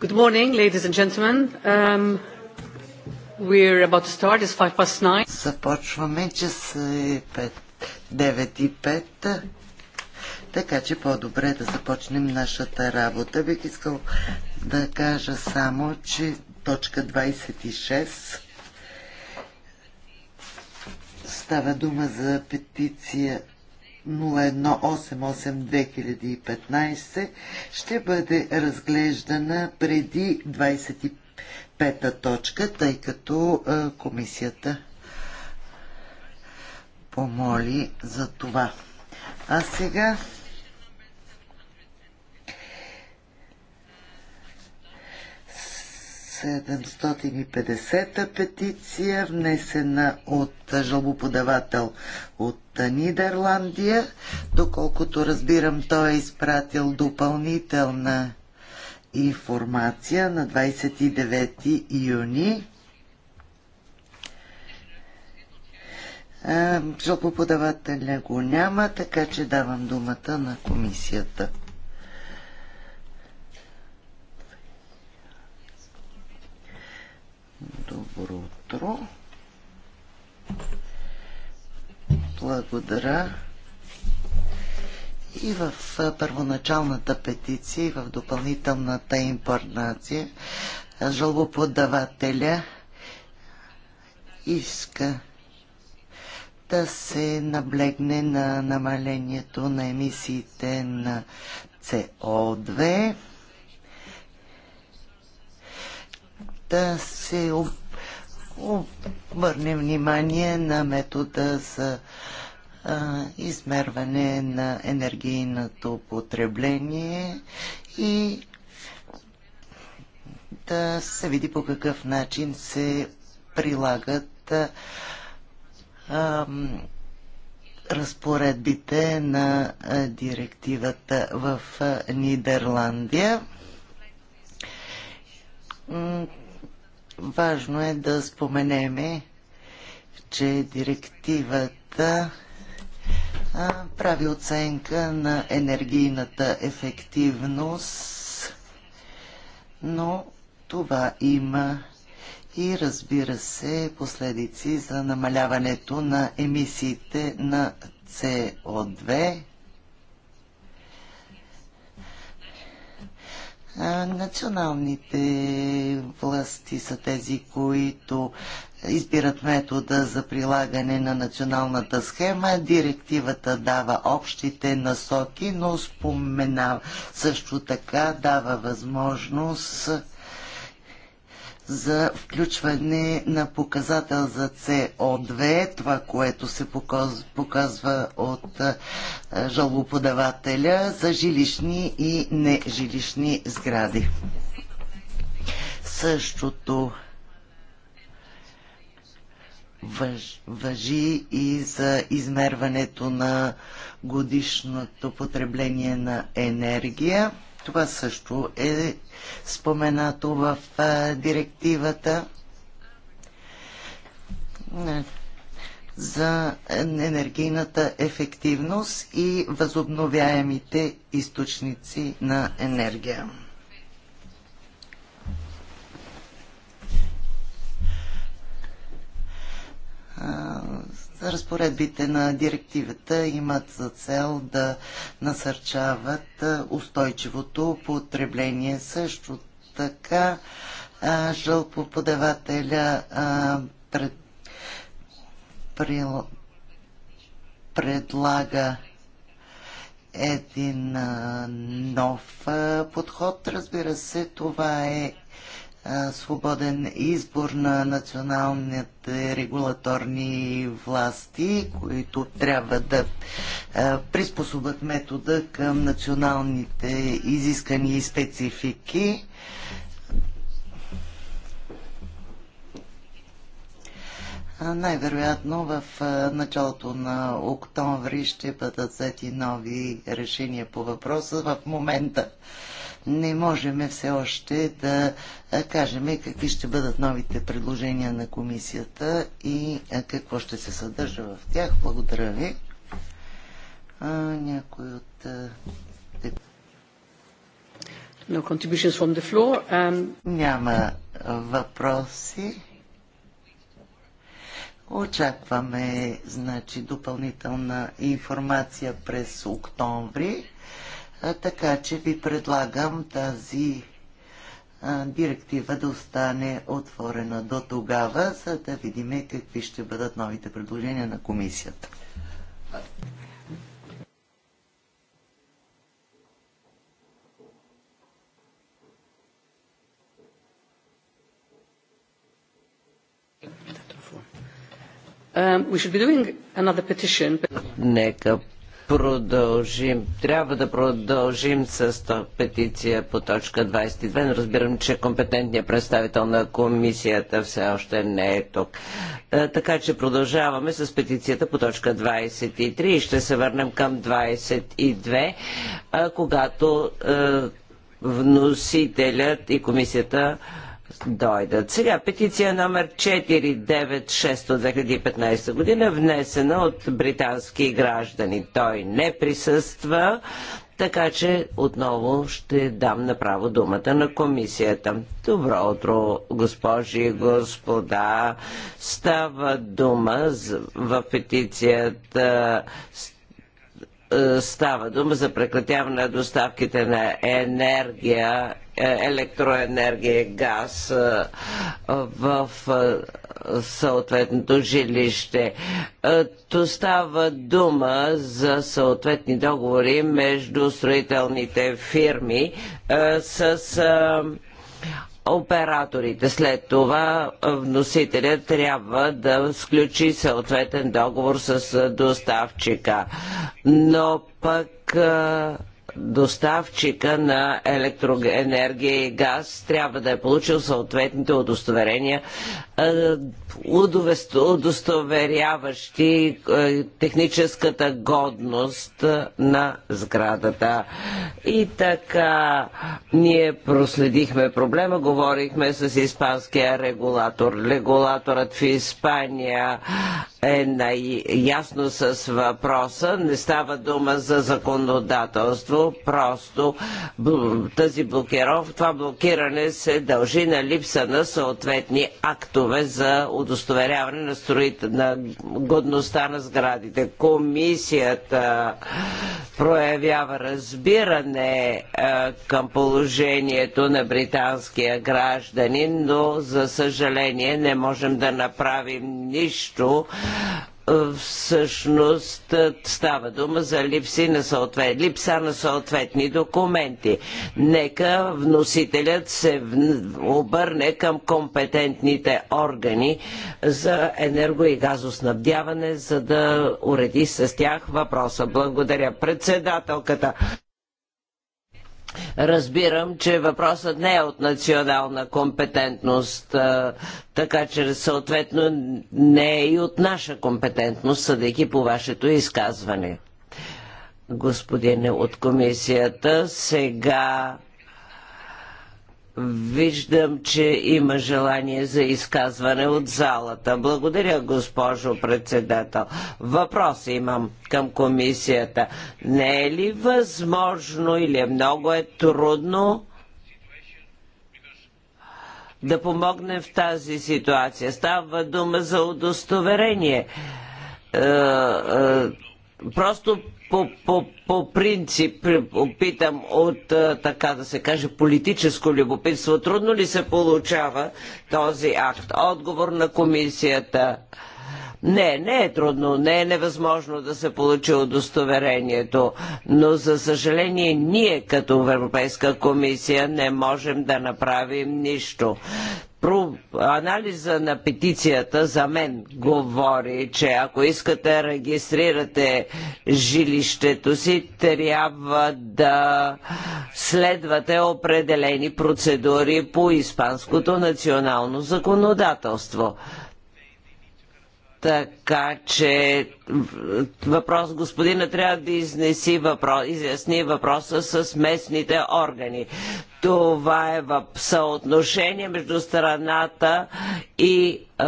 Good morning, ladies and gentlemen. Um, we're about to start. It's five past nine. Започваме, че са 9 и 5 така че по-добре да започнем нашата работа. Бих искал да кажа само, че точка 26 става дума за петиция 0188-2015 ще бъде разглеждана преди 25-та точка, тъй като е, комисията помоли за това. А сега 750-та петиция, внесена от жалбоподавател от Нидерландия. Доколкото разбирам, той е изпратил допълнителна информация на 29 юни. Е, жалбоподавателя го няма, така че давам думата на комисията. Добро утро. Благодаря. И в първоначалната петиция, и в допълнителната информация, жалбоподавателя иска да се наблегне на намалението на емисиите на СО2 да се обърне внимание на метода за а, измерване на енергийното потребление и да се види по какъв начин се прилагат а, разпоредбите на директивата в Нидерландия Важно е да споменеме, че директивата прави оценка на енергийната ефективност, но това има и разбира се последици за намаляването на емисиите на CO2 Националните власти са тези, които избират метода за прилагане на националната схема. Директивата дава общите насоки, но споменава също така дава възможност за включване на показател за CO2, това, което се показва от е, жалоподавателя за жилищни и нежилищни сгради. Същото въж, въжи и за измерването на годишното потребление на енергия. Това също е споменато в директивата за енергийната ефективност и възобновяемите източници на енергия разпоредбите на директивата имат за цел да насърчават устойчивото потребление. Също така жълпоподавателя пред, прил, предлага един а, нов а, подход. Разбира се, това е свободен избор на националните регулаторни власти, които трябва да приспособят метода към националните изискания и специфики. Най-вероятно в началото на октомври ще бъдат взети нови решения по въпроса. В момента не можем все още да кажем какви ще бъдат новите предложения на комисията и какво ще се съдържа в тях. Благодаря ви. А, някой от No contributions from the floor. Um... Няма въпроси. Очакваме значи, допълнителна информация през октомври така че ви предлагам тази директива да остане отворена до тогава, за да видим какви ще бъдат новите предложения на комисията. Um, but... Нека продължим, трябва да продължим с петиция по точка 22, но разбирам, че компетентният представител на комисията все още не е тук. Е, така че продължаваме с петицията по точка 23 и ще се върнем към 22, е, когато е, вносителят и комисията дойдат. Сега петиция номер 496 от 2015 година, внесена от британски граждани. Той не присъства, така че отново ще дам направо думата на комисията. Добро утро, госпожи и господа. Става дума в петицията е, става дума за прекратяване на доставките на енергия, е, електроенергия и газ е, в съответното жилище. То става дума за съответни договори между строителните фирми с операторите. След това вносителя трябва да сключи съответен договор с доставчика. Но пък доставчика на електроенергия и газ трябва да е получил съответните удостоверения, е, удостоверяващи е, техническата годност на сградата. И така ние проследихме проблема, говорихме с испанския регулатор. Регулаторът в Испания е най-ясно с въпроса. Не става дума за законодателство, просто тази блокиров, това блокиране се дължи на липса на съответни актове за удостоверяване на, строите, на годността на сградите. Комисията проявява разбиране е, към положението на британския гражданин, но за съжаление не можем да направим нищо е, всъщност е, става дума за липси на съответ... липса на съответни документи. Нека вносителят се обърне към компетентните органи за енерго и газоснабдяване, за да уреди с тях въпроса. Благодаря председателката. Разбирам, че въпросът не е от национална компетентност, така че съответно не е и от наша компетентност, съдейки по вашето изказване. Господине от комисията, сега Виждам, че има желание за изказване от залата. Благодаря, госпожо председател. Въпрос имам към комисията. Не е ли възможно или е много е трудно да помогне в тази ситуация? Става дума за удостоверение. Е, е, просто по, по, по принцип опитам от, така да се каже, политическо любопитство. Трудно ли се получава този акт? Отговор на комисията. Не, не е трудно, не е невъзможно да се получи удостоверението, но за съжаление ние като Европейска комисия не можем да направим нищо. Про анализа на петицията за мен говори, че ако искате да регистрирате жилището си, трябва да следвате определени процедури по испанското национално законодателство. Така че въпрос господина трябва да изнеси въпрос, изясни въпроса с местните органи. Това е в съотношение между страната и е,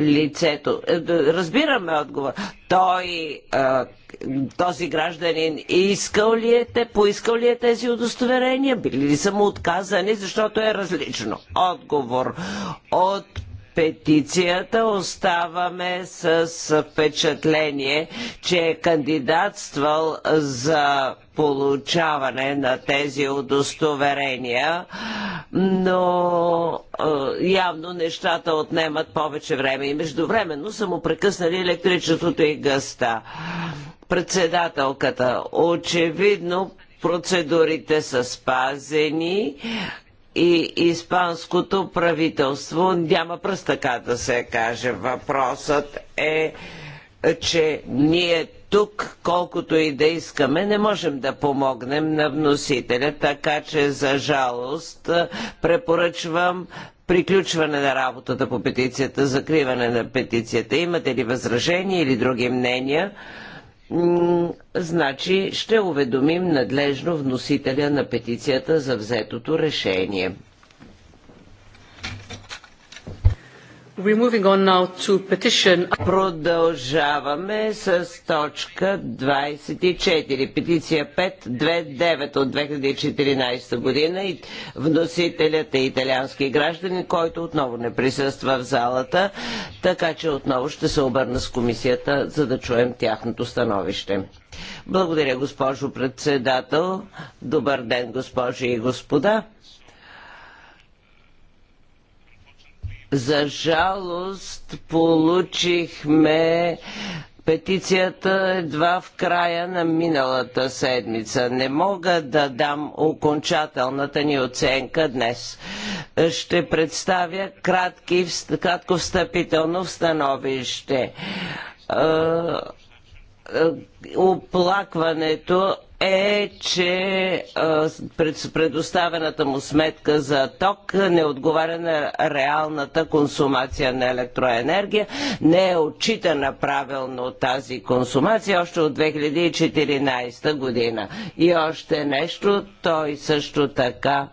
лицето. Разбираме отговор. Той, е, този гражданин, искал ли е те, поискал ли е тези удостоверения, били ли са му отказани, защото е различно. Отговор от петицията оставаме с впечатление, че е кандидатствал за получаване на тези удостоверения, но явно нещата отнемат повече време и междувременно са му прекъснали електричеството и гъста. Председателката очевидно процедурите са спазени и испанското правителство няма пръст така да се каже. Въпросът е, че ние тук, колкото и да искаме, не можем да помогнем на вносителя, така че за жалост препоръчвам приключване на работата по петицията, закриване на петицията. Имате ли възражения или други мнения? значи ще уведомим надлежно вносителя на петицията за взетото решение. Продължаваме с точка 24, петиция 529 от 2014 година и вносителят е италиански граждани, който отново не присъства в залата, така че отново ще се обърна с комисията, за да чуем тяхното становище. Благодаря, госпожо председател. Добър ден, госпожи и господа. За жалост получихме петицията едва в края на миналата седмица. Не мога да дам окончателната ни оценка днес. Ще представя кратки, кратко встъпително становище е, е, оплакването е, че е, предоставената му сметка за ток не отговаря на реалната консумация на електроенергия, не е отчитана правилно тази консумация още от 2014 година. И още нещо, той също така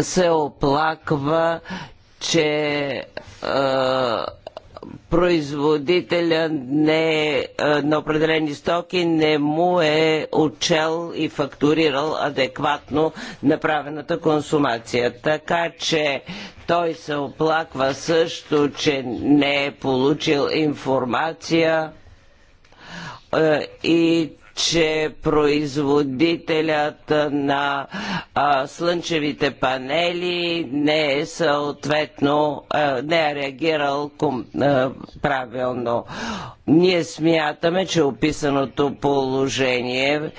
се оплаква, че е, производителя не, е, на определени стоки не му е отчел и фактурирал адекватно направената консумация. Така че той се оплаква също, че не е получил информация е, и че производителят на а, слънчевите панели не е съответно, а, не е реагирал ком, а, правилно. Ние смятаме, че описаното положение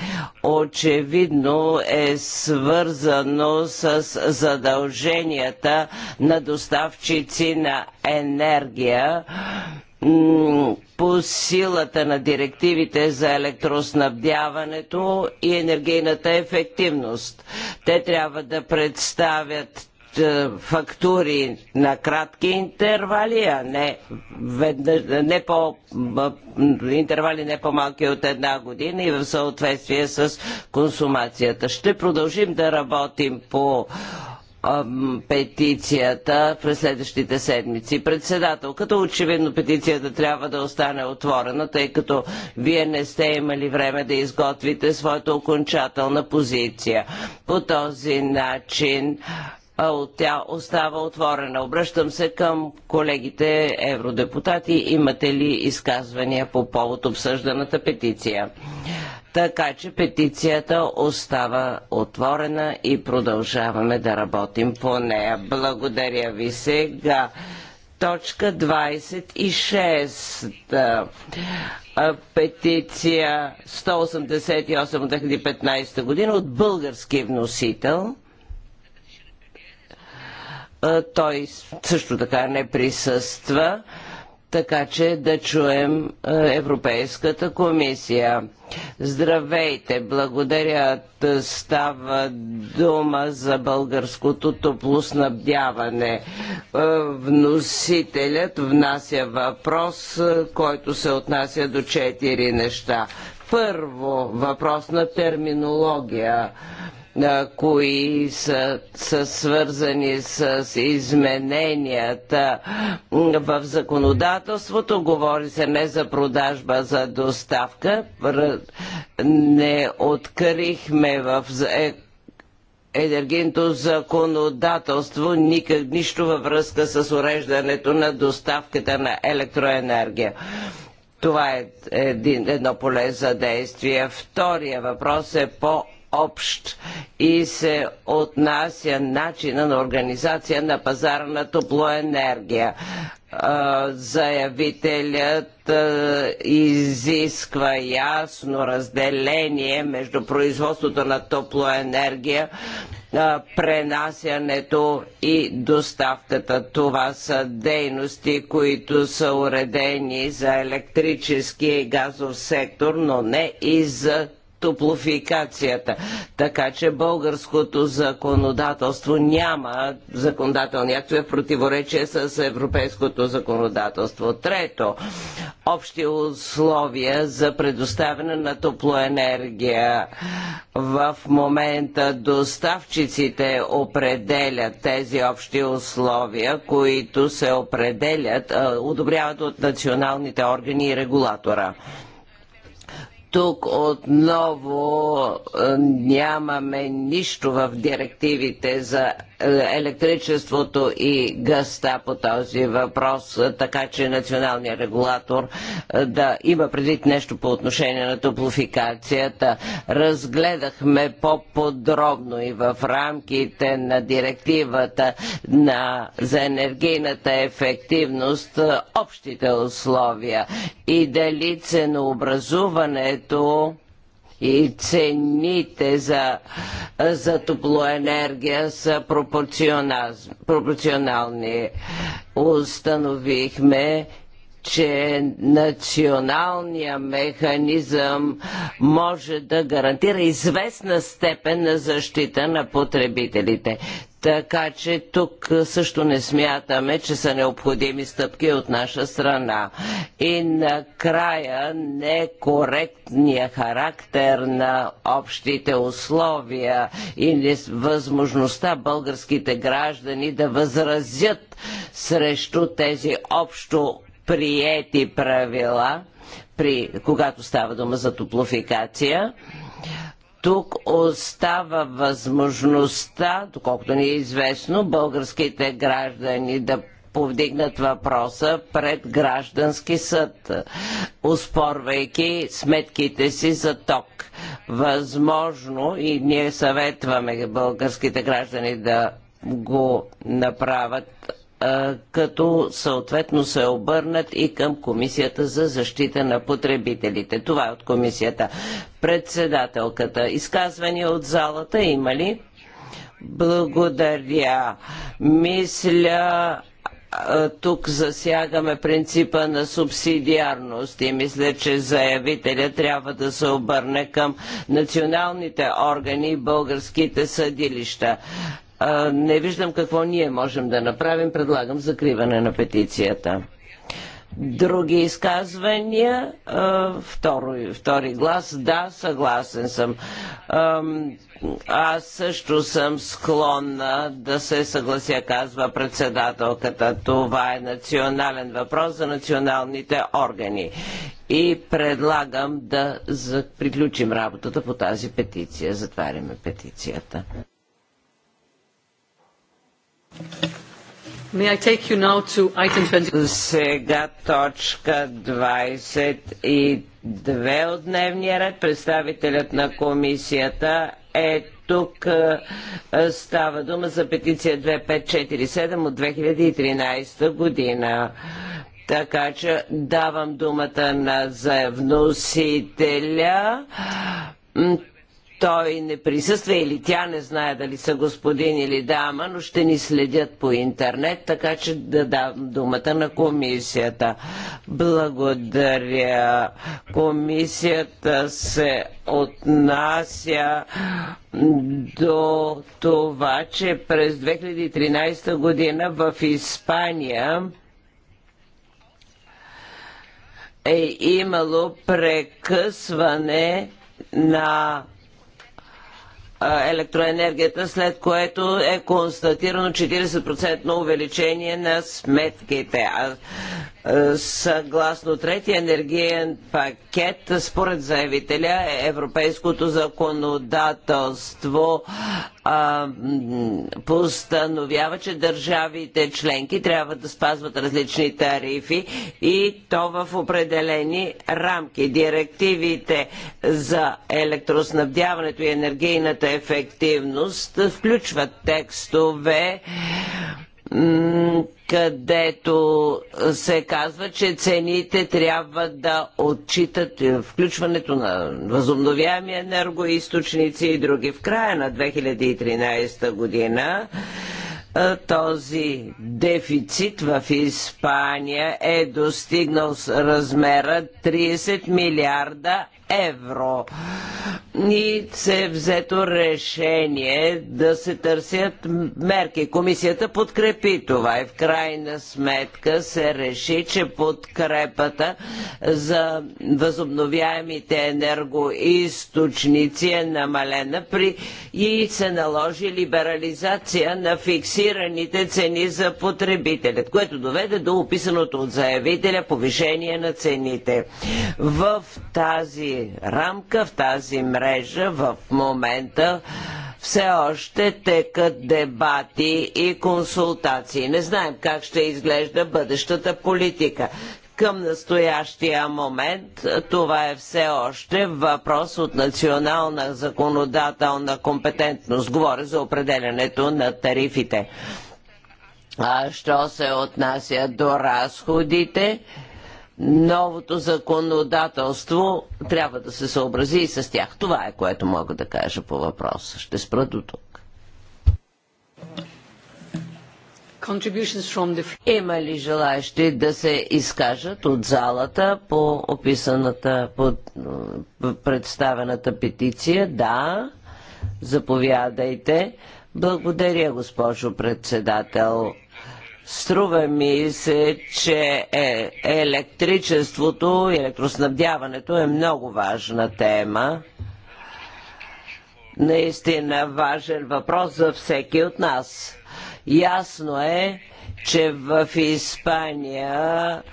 очевидно е свързано с задълженията на доставчици на енергия по силата на директивите за електроснабдяването и енергийната ефективност. Те трябва да представят е, фактури на кратки интервали, а не, не по, е, интервали не по-малки от една година и в съответствие с консумацията. Ще продължим да работим по петицията през следващите седмици. Председателката, очевидно петицията трябва да остане отворена, тъй като вие не сте имали време да изготвите своята окончателна позиция. По този начин тя остава отворена. Обръщам се към колегите евродепутати. Имате ли изказвания по повод обсъжданата петиция? Така че петицията остава отворена и продължаваме да работим по нея. Благодаря ви сега. Точка 26. Петиция 188 от 2015 година от български вносител той също така не присъства, така че да чуем Европейската комисия. Здравейте, благодаря. Става дума за българското топлоснабдяване. Вносителят внася въпрос, който се отнася до четири неща. Първо, въпрос на терминология кои са, са свързани с измененията в законодателството. Говори се не за продажба, за доставка. Не открихме в е, енергийното законодателство никак нищо във връзка с уреждането на доставката на електроенергия. Това е един, едно поле за действие. Втория въпрос е по общ и се отнася начина на организация на пазара на топлоенергия. Заявителят изисква ясно разделение между производството на топлоенергия пренасянето и доставката. Това са дейности, които са уредени за електрическия и газов сектор, но не и за топлофикацията. Така че българското законодателство няма законодателни актове в противоречие с европейското законодателство. Трето, общи условия за предоставяне на топлоенергия. В момента доставчиците определят тези общи условия, които се определят, одобряват от националните органи и регулатора. Тук отново е, нямаме нищо в директивите за електричеството и гъста по този въпрос, така че националният регулатор да има предвид нещо по отношение на топлофикацията. Разгледахме по-подробно и в рамките на директивата на, за енергийната ефективност общите условия и дали ценообразуването и цените за, за топлоенергия са пропорционални. Установихме, че националния механизъм може да гарантира известна степен на защита на потребителите. Така че тук също не смятаме, че са необходими стъпки от наша страна. И накрая некоректния характер на общите условия и възможността българските граждани да възразят срещу тези общо приети правила, при, когато става дума за топлофикация тук остава възможността, доколкото ни е известно, българските граждани да повдигнат въпроса пред граждански съд, успорвайки сметките си за ток. Възможно и ние съветваме българските граждани да го направят като съответно се обърнат и към Комисията за защита на потребителите. Това е от Комисията. Председателката. Изказвания от залата има ли? Благодаря. Мисля, тук засягаме принципа на субсидиарност и мисля, че заявителя трябва да се обърне към националните органи и българските съдилища. Не виждам какво ние можем да направим. Предлагам закриване на петицията. Други изказвания? Втори, втори глас. Да, съгласен съм. Аз също съм склонна да се съглася, казва председателката. Това е национален въпрос за националните органи. И предлагам да приключим работата по тази петиция. Затваряме петицията. Сега точка 22 от дневния ред. Представителят на комисията е тук. Е, става дума за петиция 2547 от 2013 година. Така че давам думата на заявносителя той не присъства или тя не знае дали са господин или дама, но ще ни следят по интернет, така че да дам думата на комисията. Благодаря. Комисията се отнася до това, че през 2013 година в Испания е имало прекъсване на електроенергията, след което е констатирано 40% увеличение на сметките. А, съгласно третия енергиен пакет, според заявителя, е европейското законодателство а, постановява, че държавите членки трябва да спазват различни тарифи и то в определени рамки. Директивите за електроснабдяването и енергийната ефективност включват текстове където се казва, че цените трябва да отчитат включването на възобновяеми енергоисточници и други. В края на 2013 година този дефицит в Испания е достигнал с размера 30 милиарда евро. И се е взето решение да се търсят мерки. Комисията подкрепи това и в крайна сметка се реши, че подкрепата за възобновяемите енергоисточници е намалена при и се наложи либерализация на фиксираните цени за потребителят, което доведе до описаното от заявителя повишение на цените. В тази рамка, в тази мрежа в момента все още текат дебати и консултации. Не знаем как ще изглежда бъдещата политика. Към настоящия момент това е все още въпрос от национална законодателна компетентност. Говоря за определенето на тарифите. А що се отнася до разходите, новото законодателство трябва да се съобрази и с тях. Това е което мога да кажа по въпроса. Ще спра до тук. Има ли желаящи да се изкажат от залата по описаната, по представената петиция? Да, заповядайте. Благодаря, госпожо председател. Струва ми се, че е, електричеството и електроснабдяването е много важна тема. Наистина важен въпрос за всеки от нас. Ясно е, че в Испания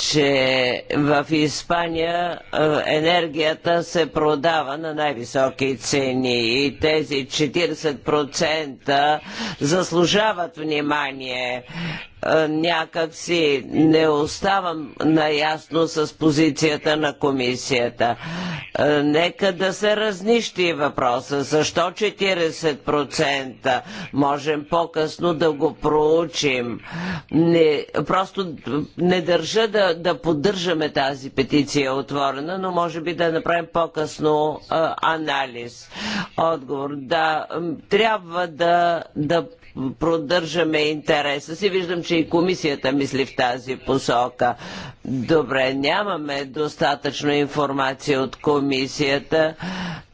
че в Испания е, енергията се продава на най-високи цени и тези 40% заслужават внимание някак си не оставам наясно с позицията на комисията. Нека да се разнищи въпроса. Защо 40%? Можем по-късно да го проучим. Не, просто не държа да, да поддържаме тази петиция отворена, но може би да направим по-късно анализ. Отговор. Да, трябва да, да продържаме интереса си. Виждам, че и комисията мисли в тази посока. Добре, нямаме достатъчно информация от комисията.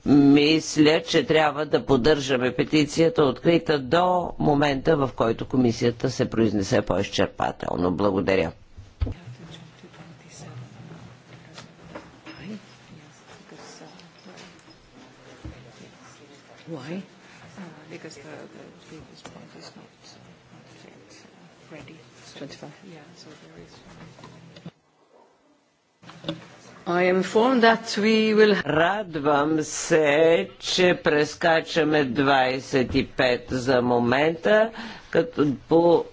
Мисля, че трябва да поддържаме петицията открита до момента, в който комисията се произнесе по-изчерпателно. Благодаря. Why? 25. Радвам се, че прескачаме 25 за момента, като по,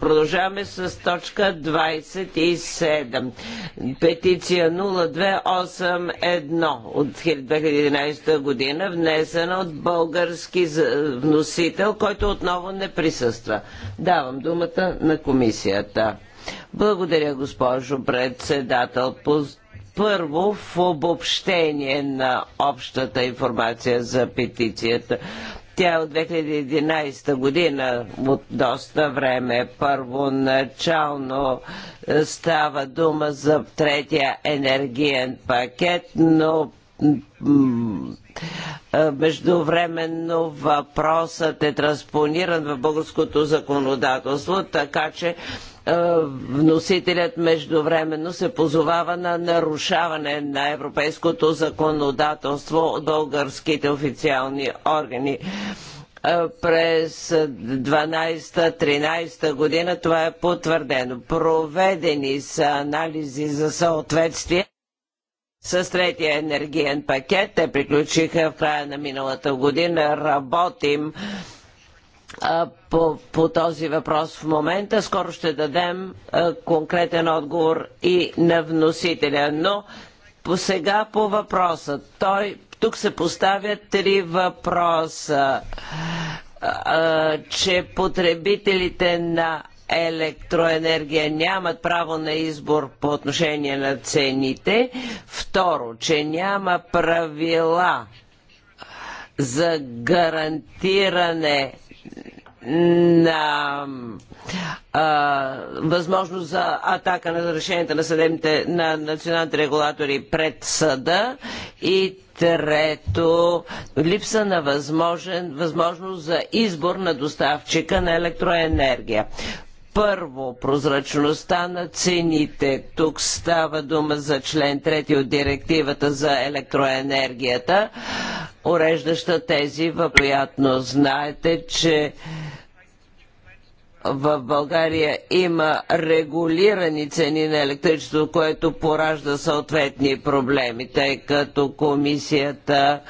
продължаваме с точка 27. Петиция 0281 от 2011 година, внесена от български вносител, който отново не присъства. Давам думата на комисията. Благодаря, госпожо председател. Поз първо, в обобщение на общата информация за петицията. Тя е от 2011 година, от доста време. Първоначално е, става дума за третия енергиен пакет, но Междувременно въпросът е транспониран в българското законодателство, така че е, вносителят междувременно се позовава на нарушаване на европейското законодателство от българските официални органи е, през 12-13 година. Това е потвърдено. Проведени са анализи за съответствие с третия енергиен пакет. Те приключиха в края на миналата година. Работим по, по този въпрос в момента. Скоро ще дадем конкретен отговор и на вносителя. Но по сега по въпроса. Той, тук се поставят три въпроса. че потребителите на електроенергия нямат право на избор по отношение на цените. Второ, че няма правила за гарантиране на а, възможност за атака на решенията на съдебните на националните регулатори пред съда и трето липса на възможен, възможност за избор на доставчика на електроенергия първо прозрачността на цените. Тук става дума за член 3 от директивата за електроенергията, уреждаща тези, въпроятно знаете, че в България има регулирани цени на електричество, което поражда съответни проблеми, тъй като комисията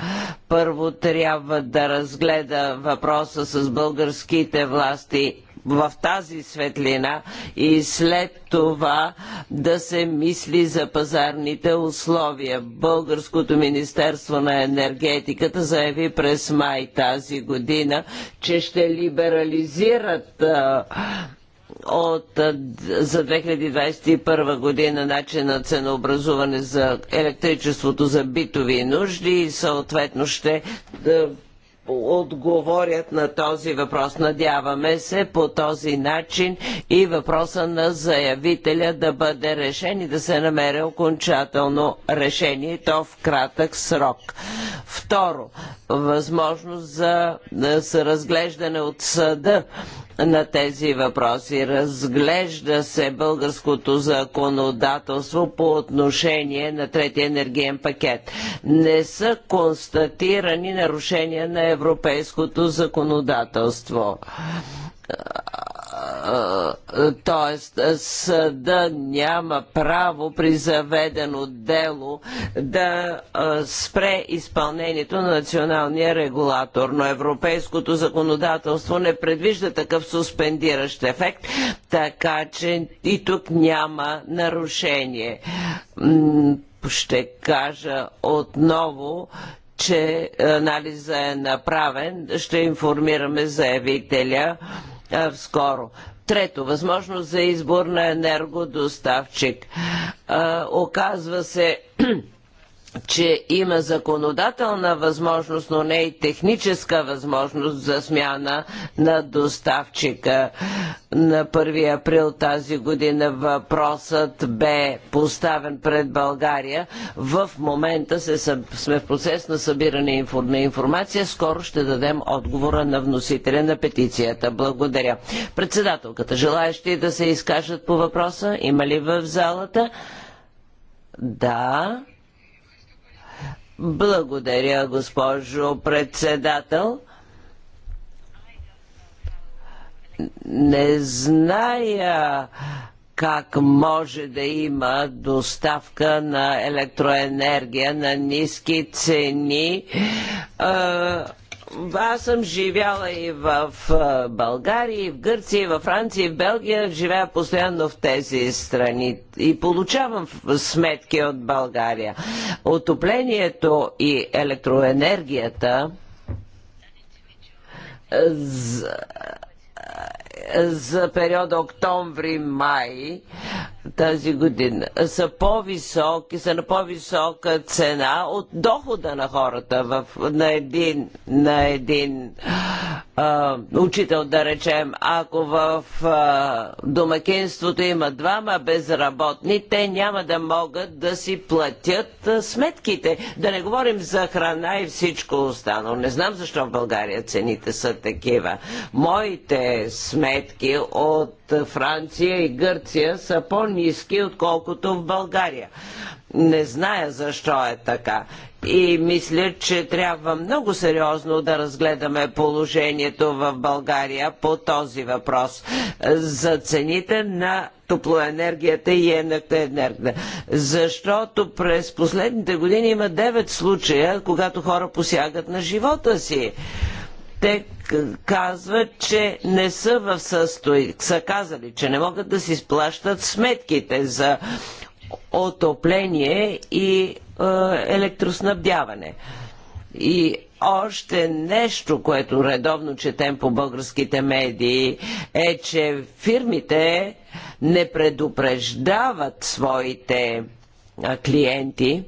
първо трябва да разгледа въпроса с българските власти в тази светлина и след това да се мисли за пазарните условия. Българското Министерство на енергетиката заяви през май тази година, че ще либерализират от, за 2021 година начин на ценообразуване за електричеството за битови нужди и съответно ще отговорят на този въпрос. Надяваме се по този начин и въпроса на заявителя да бъде решен и да се намери окончателно решение, то в кратък срок. Второ, възможност за да разглеждане от съда на тези въпроси. Разглежда се българското законодателство по отношение на третия енергиен пакет. Не са констатирани нарушения на европейското законодателство т.е. съда няма право при заведено дело да спре изпълнението на националния регулатор, но европейското законодателство не предвижда такъв суспендиращ ефект, така че и тук няма нарушение. Ще кажа отново, че анализа е направен. Ще информираме заявителя скоро. Трето, възможност за избор на енергодоставчик. оказва се че има законодателна възможност, но не и техническа възможност за смяна на доставчика. На 1 април тази година въпросът бе поставен пред България. В момента се, сме в процес на събиране на информация. Скоро ще дадем отговора на вносителя на петицията. Благодаря. Председателката, желаящи да се изкажат по въпроса, има ли в залата? Да. Благодаря, госпожо председател. Не зная как може да има доставка на електроенергия на ниски цени. А аз съм живяла и в България, и в Гърция, и в Франция, и в Белгия. Живея постоянно в тези страни и получавам сметки от България. Отоплението и електроенергията за периода октомври-май тази година са по-високи, са на по-висока цена от дохода на хората в, на един, на един а, учител, да речем. Ако в а, домакинството има двама безработни, те няма да могат да си платят а, сметките. Да не говорим за храна и всичко останало. Не знам защо в България цените са такива. Моите сметки от Франция и Гърция са по по-низки, отколкото в България. Не зная защо е така. И мисля, че трябва много сериозно да разгледаме положението в България по този въпрос за цените на топлоенергията и енергията. Защото през последните години има 9 случая, когато хора посягат на живота си те казват, че не са в състояние, са казали, че не могат да си изплащат сметките за отопление и е, електроснабдяване. И още нещо, което редовно четем по българските медии, е, че фирмите не предупреждават своите клиенти,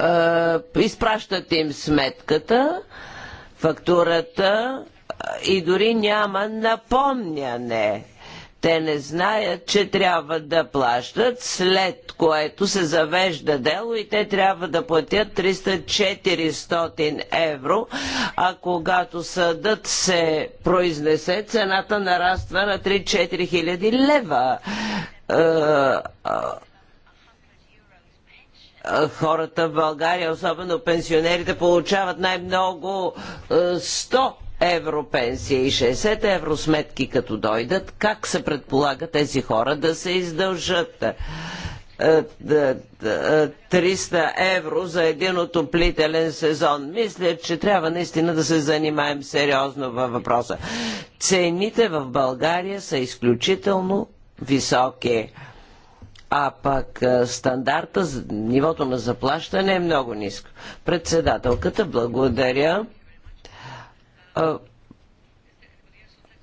е, изпращат им сметката, фактурата е, и дори няма напомняне. Те не знаят, че трябва да плащат, след което се завежда дело и те трябва да платят 300-400 евро, а когато съдът се произнесе, цената нараства на 3-4 хиляди лева е, хората в България, особено пенсионерите, получават най-много 100 евро пенсия и 60 евро сметки като дойдат. Как се предполага тези хора да се издължат? 300 евро за един отоплителен сезон. Мисля, че трябва наистина да се занимаем сериозно във въпроса. Цените в България са изключително високи а пък стандарта, нивото на заплащане е много ниско. Председателката, благодаря.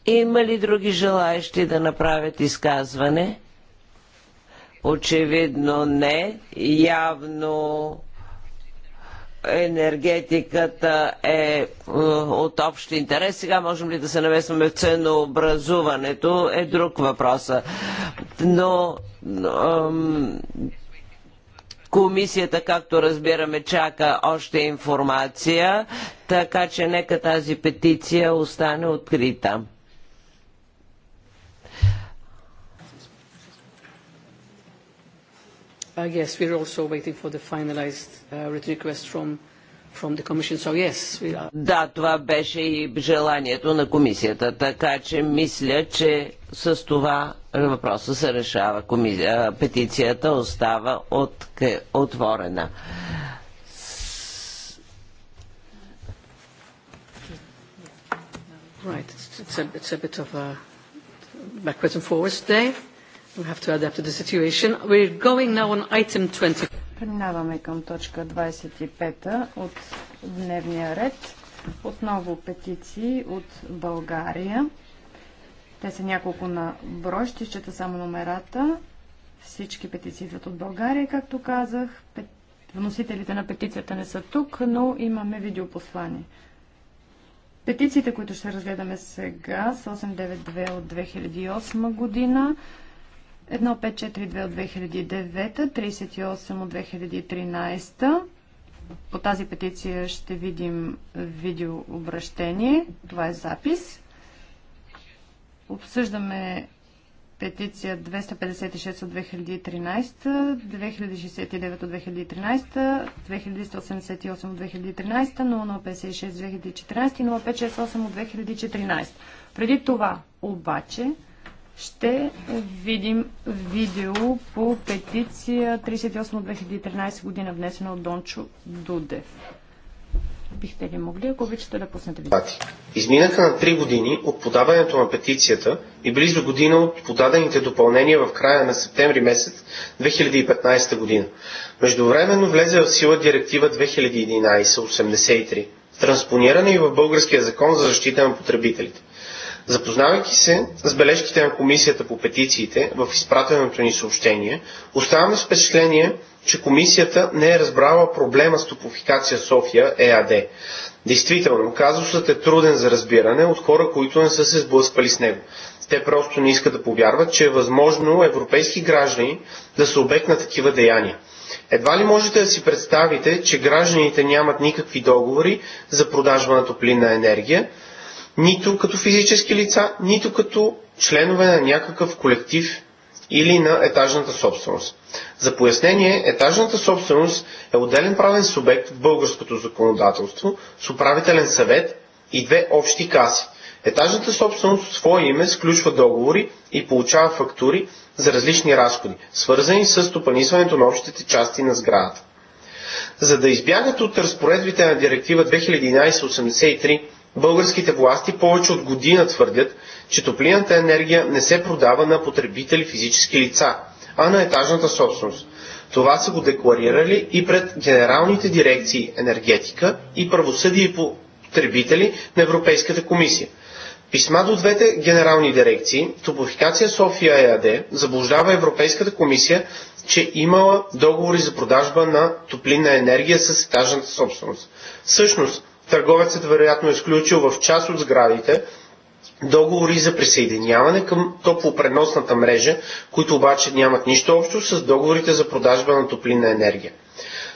Има ли други желаящи да направят изказване? Очевидно не. Явно енергетиката е, е от общ интерес. Сега можем ли да се намесваме в ценообразуването е друг въпрос. Но Комисията, както разбираме, чака още информация, така че нека тази петиция остане открита. Yes, we're also waiting for the finalized written request from from the commission. So yes, we are. Да, това беше и желанието на комисията, така че мисля, че с това въпроса се решава. Комисия, петицията остава от, отворена. Right. It's a, it's a bit of a backwards and forwards day. We have to adapt to the situation. We're going now on item 20. Преминаваме към точка 25 от дневния ред. Отново петиции от България. Те са няколко на брой, ще изчета само номерата. Всички петиции идват от България, както казах. Вносителите на петицията не са тук, но имаме видеопослание. Петициите, които ще разгледаме сега са 892 от 2008 година. 1542 от 2009, 38 от 2013. По тази петиция ще видим видеообращение. Това е запис. Обсъждаме петиция 256 от 2013, 2069 от 2013, 2188 от 2013, 0056 от 2014 и 0568 от 2014. Преди това обаче ще видим видео по петиция 38 от 2013 година, внесена от Дончо Дудев. Бихте ли могли, ако обичате да пуснете видео? Изминаха на 3 години от подаването на петицията и близо година от подадените допълнения в края на септември месец 2015 година. Междувременно влезе в сила директива 2011-83, транспонирана и в българския закон за защита на потребителите. Запознавайки се с бележките на Комисията по петициите в изпратеното ни съобщение, оставаме с впечатление, че комисията не е разбрала проблема с Топофикация София ЕАД. Действително, казусът е труден за разбиране от хора, които не са се сблъсквали с него. Те просто не искат да повярват, че е възможно европейски граждани да са обект на такива деяния. Едва ли можете да си представите, че гражданите нямат никакви договори за продажба на топлинна енергия, нито като физически лица, нито като членове на някакъв колектив или на етажната собственост. За пояснение, етажната собственост е отделен правен субект в българското законодателство с управителен съвет и две общи каси. Етажната собственост в свое име сключва договори и получава фактури за различни разходи, свързани с стопанисването на общите части на сградата. За да избягат от разпоредбите на Директива 2011-83 Българските власти повече от година твърдят, че топлината енергия не се продава на потребители физически лица, а на етажната собственост. Това са го декларирали и пред генералните дирекции енергетика и правосъдие и потребители на Европейската комисия. Писма до двете генерални дирекции топофикация София ЕАД заблуждава Европейската комисия, че имала договори за продажба на топлинна енергия с етажната собственост. Всъщност, търговецът вероятно е сключил в част от сградите договори за присъединяване към топлопреносната мрежа, които обаче нямат нищо общо с договорите за продажба на топлинна енергия.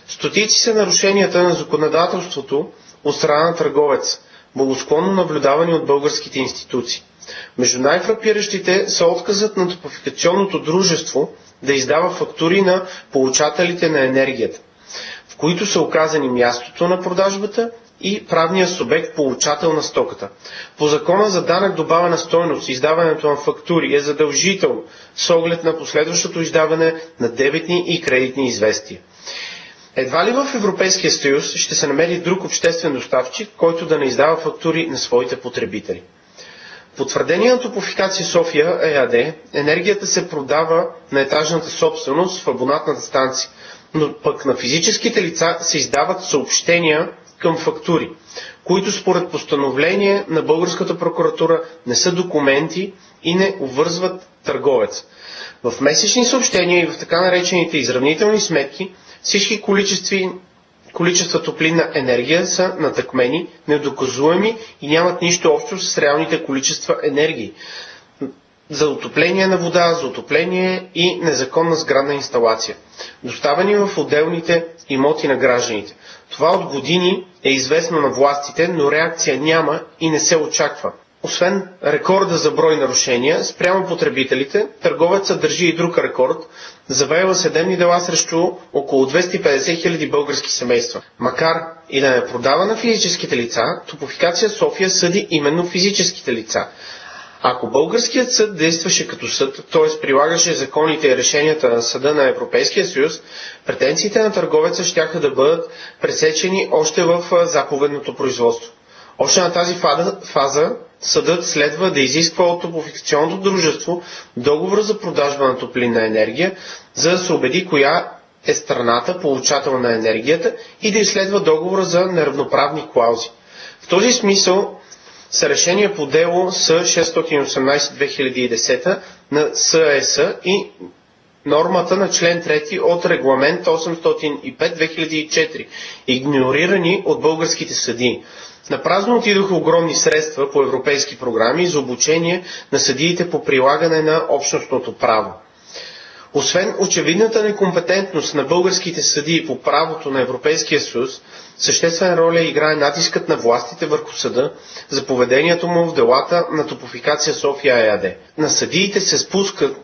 Стотици са нарушенията на законодателството от страна на търговец, благосклонно наблюдавани от българските институции. Между най-фрапиращите са отказът на топофикационното дружество да издава фактури на получателите на енергията, в които са оказани мястото на продажбата и правния субект получател на стоката. По закона за данък добавена стойност издаването на фактури е задължително с оглед на последващото издаване на дебетни и кредитни известия. Едва ли в Европейския съюз ще се намери друг обществен доставчик, който да не издава фактури на своите потребители. Потвърдение на Топофикация София ЕАД, енергията се продава на етажната собственост в абонатната станция, но пък на физическите лица се издават съобщения към фактури, които според постановление на Българската прокуратура не са документи и не обвързват търговец. В месечни съобщения и в така наречените изравнителни сметки всички количества, количества топлинна енергия са натъкмени, недоказуеми и нямат нищо общо с реалните количества енергии за отопление на вода, за отопление и незаконна сградна инсталация, доставени в отделните имоти на гражданите. Това от години е известно на властите, но реакция няма и не се очаква. Освен рекорда за брой нарушения спрямо потребителите, търговецът държи и друг рекорд. завеява съдебни дела срещу около 250 000 български семейства. Макар и да не продава на физическите лица, Топофикация София съди именно физическите лица. Ако българският съд действаше като съд, т.е. прилагаше законите и решенията на съда на Европейския съюз, претенциите на търговеца ще да бъдат пресечени още в заповедното производство. Още на тази фаза съдът следва да изисква от топлофикационното дружество договор за продажба на топлинна енергия, за да се убеди коя е страната, получател на енергията и да изследва договора за неравноправни клаузи. В този смисъл с решение по дело С 618-2010 е на СЕС и нормата на член 3 от регламент 805-2004, игнорирани от българските съдии. Напразно отидоха огромни средства по европейски програми за обучение на съдиите по прилагане на общностното право. Освен очевидната некомпетентност на българските съдии по правото на Европейския съюз, Съществена роля играе натискът на властите върху съда за поведението му в делата на Топофикация София ЕАД. На съдиите се спускат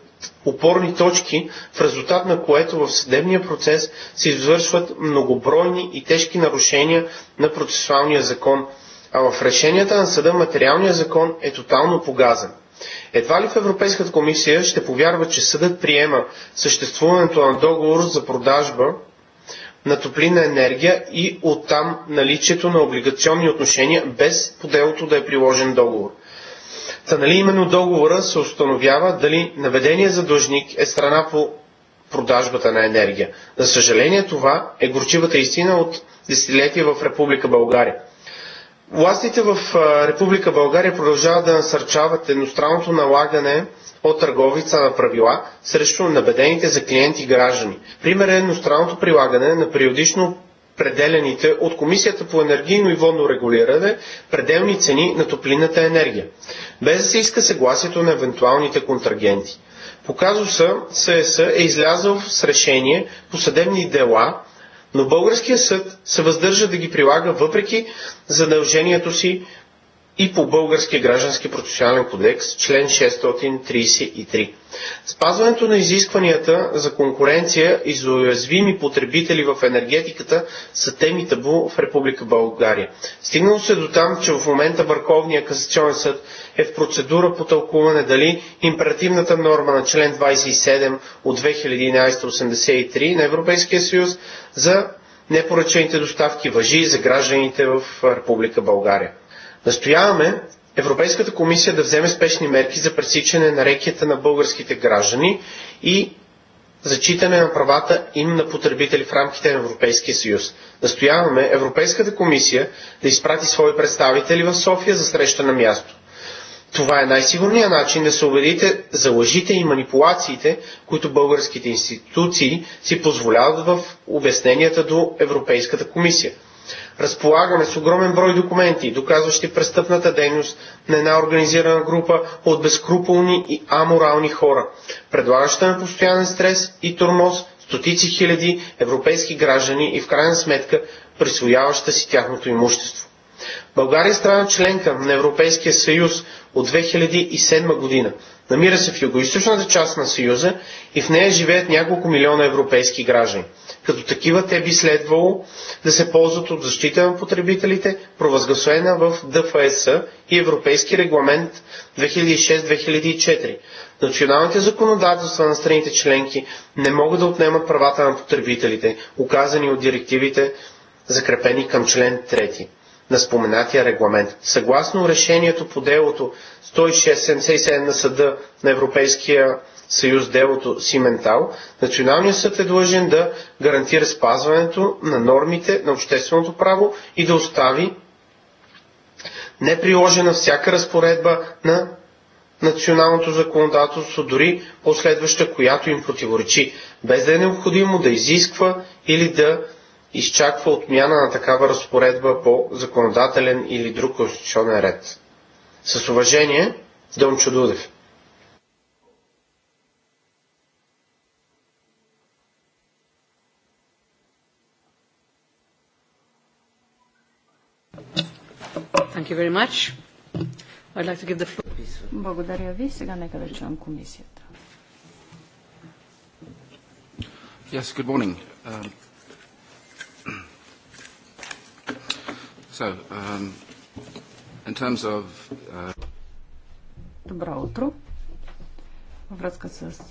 опорни точки, в резултат на което в съдебния процес се извършват многобройни и тежки нарушения на процесуалния закон, а в решенията на съда материалния закон е тотално погазен. Едва ли в Европейската комисия ще повярва, че съдът приема съществуването на договор за продажба на топлинна енергия и оттам наличието на облигационни отношения, без по делото да е приложен договор. Та нали именно договора се установява дали наведение за длъжник е страна по продажбата на енергия. За съжаление това е горчивата истина от десетилетия в Република България. Властите в Република България продължават да насърчават едностранното налагане от търговица на правила срещу набедените за клиенти граждани. Пример е едностранното прилагане на периодично определените от Комисията по енергийно и водно регулиране пределни цени на топлинната енергия, без да се иска съгласието на евентуалните контрагенти. По казуса СЕС е, е излязъл с решение по съдебни дела но българският съд се въздържа да ги прилага въпреки задължението си и по Българския граждански процесуален кодекс, член 633. Спазването на изискванията за конкуренция и за уязвими потребители в енергетиката са теми табу в Република България. Стигнало се до там, че в момента Върховния касационен съд е в процедура по тълкуване дали императивната норма на член 27 от 2011-83 на Европейския съюз за непоръчените доставки въжи за гражданите в Република България. Настояваме Европейската комисия да вземе спешни мерки за пресичане на рекията на българските граждани и зачитане на правата им на потребители в рамките на Европейския съюз. Настояваме Европейската комисия да изпрати свои представители в София за среща на място. Това е най-сигурният начин да се убедите за лъжите и манипулациите, които българските институции си позволяват в обясненията до Европейската комисия – Разполагаме с огромен брой документи, доказващи престъпната дейност на една организирана група от безкруполни и аморални хора, предлагаща на постоянен стрес и тормоз стотици хиляди европейски граждани и в крайна сметка присвояваща си тяхното имущество. България е страна членка на Европейския съюз от 2007 година, Намира се в югоизточната част на Съюза и в нея живеят няколко милиона европейски граждани. Като такива те би следвало да се ползват от защита на потребителите, провъзгласена в ДФС и Европейски регламент 2006-2004. Националните законодателства на страните членки не могат да отнемат правата на потребителите, указани от директивите, закрепени към член 3 на споменатия регламент. Съгласно решението по делото 1677 на съда на Европейския съюз делото Симентал, Националният съд е длъжен да гарантира спазването на нормите на общественото право и да остави неприложена всяка разпоредба на националното законодателство, дори последваща, която им противоречи, без да е необходимо да изисква или да изчаква отмяна на такава разпоредба по законодателен или друг конституционен ред. С уважение, Дончо Дудев. Thank you very much. I'd like to give the floor. Благодаря ви. Сега нека да чуем комисията. Yes, good morning. Uh, Um, uh, Добро утро. Във връзка с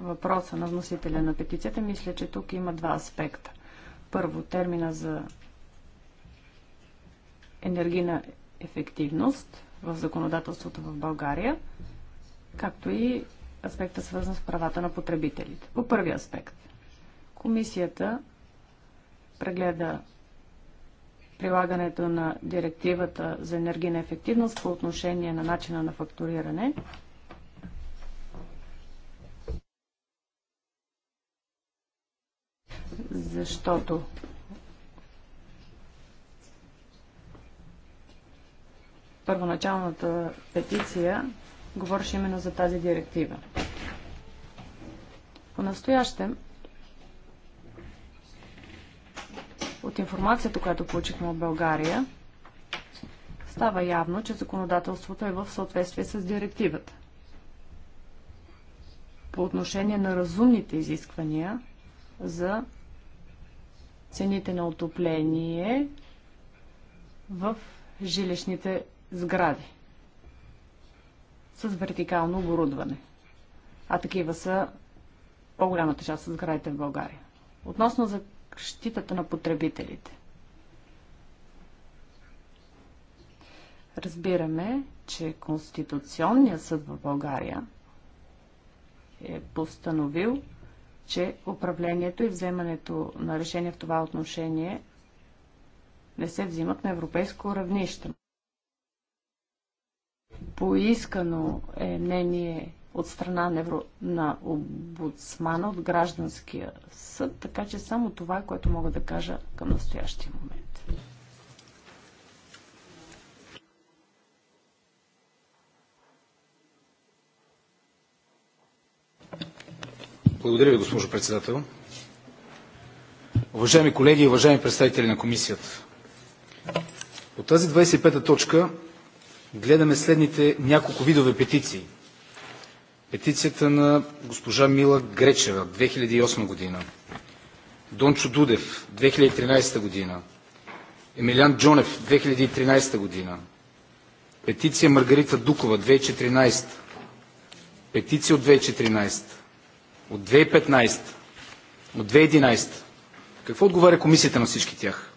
въпроса на вносителя на петицията, мисля, че тук има два аспекта. Първо, термина за енергийна ефективност в законодателството в България, както и аспекта свързан с правата на потребителите. По първи аспект, комисията прегледа прилагането на директивата за енергийна ефективност по отношение на начина на фактуриране. Защото първоначалната петиция говореше именно за тази директива. По-настоящем От информацията, която получихме от България, става явно, че законодателството е в съответствие с директивата. По отношение на разумните изисквания за цените на отопление в жилищните сгради с вертикално оборудване. А такива са по-голямата част от сградите в България. Относно за защитата на потребителите. Разбираме, че Конституционният съд в България е постановил, че управлението и вземането на решение в това отношение не се взимат на европейско равнище. Поискано е мнение от страна на, обудсмана от гражданския съд, така че само това което мога да кажа към настоящия момент. Благодаря ви, госпожо председател. Уважаеми колеги и уважаеми представители на комисията, по тази 25-та точка гледаме следните няколко видове петиции – петицията на госпожа Мила Гречева, 2008 година, Дончо Дудев, 2013 година, Емилян Джонев, 2013 година, петиция Маргарита Дукова, 2014, петиция от 2014, от 2015, от 2011. Какво отговаря комисията на всички тях?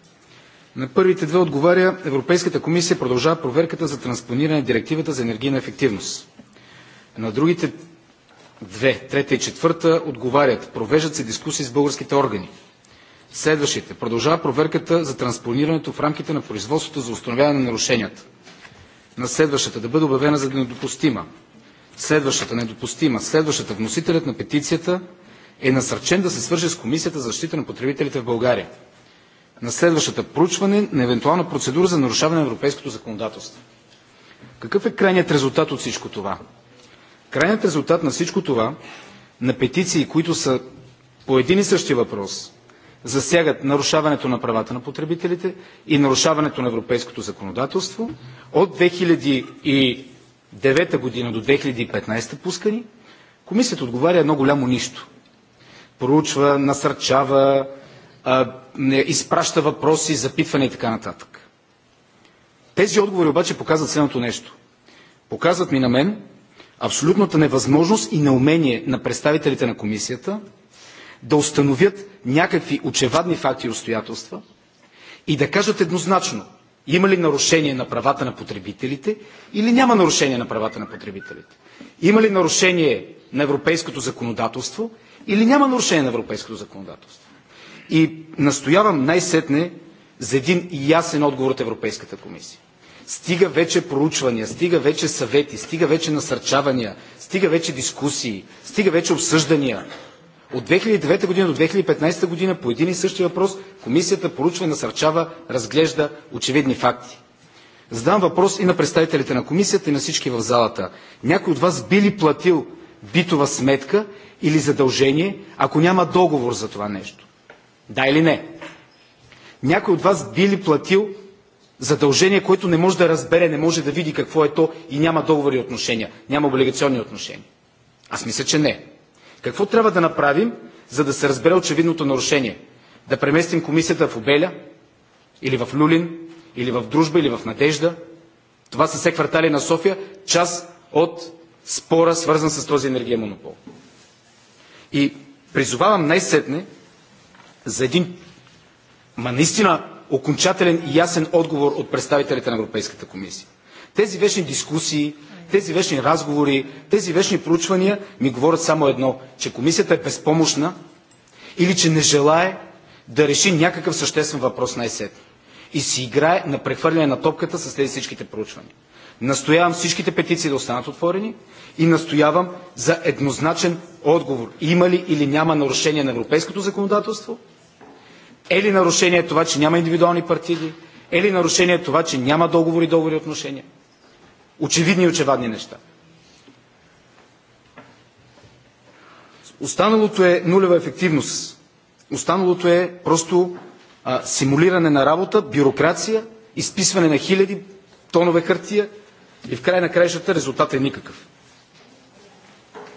На първите две отговаря Европейската комисия продължава проверката за транспониране на директивата за енергийна ефективност. На другите две, трета и четвърта отговарят. Провеждат се дискусии с българските органи. Следващите. Продължава проверката за транспонирането в рамките на производството за установяване на нарушенията. На следващата да бъде обявена за недопустима. Следващата недопустима. Следващата вносителят на петицията е насърчен да се свърже с Комисията за защита на потребителите в България. На следващата проучване на евентуална процедура за нарушаване на европейското законодателство. Какъв е крайният резултат от всичко това? Крайният резултат на всичко това, на петиции, които са по един и същи въпрос, засягат нарушаването на правата на потребителите и нарушаването на европейското законодателство от 2009 година до 2015 пускани, комисията отговаря едно голямо нищо. Проучва, насърчава, изпраща въпроси, запитване и така нататък. Тези отговори обаче показват следното нещо. Показват ми на мен, абсолютната невъзможност и неумение на представителите на комисията да установят някакви очевадни факти и обстоятелства и да кажат еднозначно има ли нарушение на правата на потребителите или няма нарушение на правата на потребителите. Има ли нарушение на европейското законодателство или няма нарушение на европейското законодателство. И настоявам най-сетне за един ясен отговор от Европейската комисия. Стига вече проучвания, стига вече съвети, стига вече насърчавания, стига вече дискусии, стига вече обсъждания. От 2009 година до 2015 година по един и същи въпрос комисията и насърчава, разглежда очевидни факти. Задам въпрос и на представителите на комисията и на всички в залата. Някой от вас би ли платил битова сметка или задължение, ако няма договор за това нещо? Да или не? Някой от вас би ли платил задължение, което не може да разбере, не може да види какво е то и няма договори отношения, няма облигационни отношения. Аз мисля, че не. Какво трябва да направим, за да се разбере очевидното нарушение? Да преместим комисията в Обеля, или в Люлин, или в Дружба, или в Надежда. Това са все квартали на София, част от спора, свързан с този енергия монопол. И призовавам най-сетне за един, ма наистина окончателен и ясен отговор от представителите на Европейската комисия. Тези вечни дискусии, тези вечни разговори, тези вечни проучвания ми говорят само едно, че комисията е безпомощна или че не желае да реши някакъв съществен въпрос най-сетне и си играе на прехвърляне на топката с тези всичките проучвания. Настоявам всичките петиции да останат отворени и настоявам за еднозначен отговор. Има ли или няма нарушение на европейското законодателство е ли нарушение това, че няма индивидуални партиди? Е ли нарушение това, че няма договори, и договори отношения? Очевидни и очевадни неща. Останалото е нулева ефективност. Останалото е просто а, симулиране на работа, бюрокрация, изписване на хиляди тонове хартия и в край на краищата резултат е никакъв.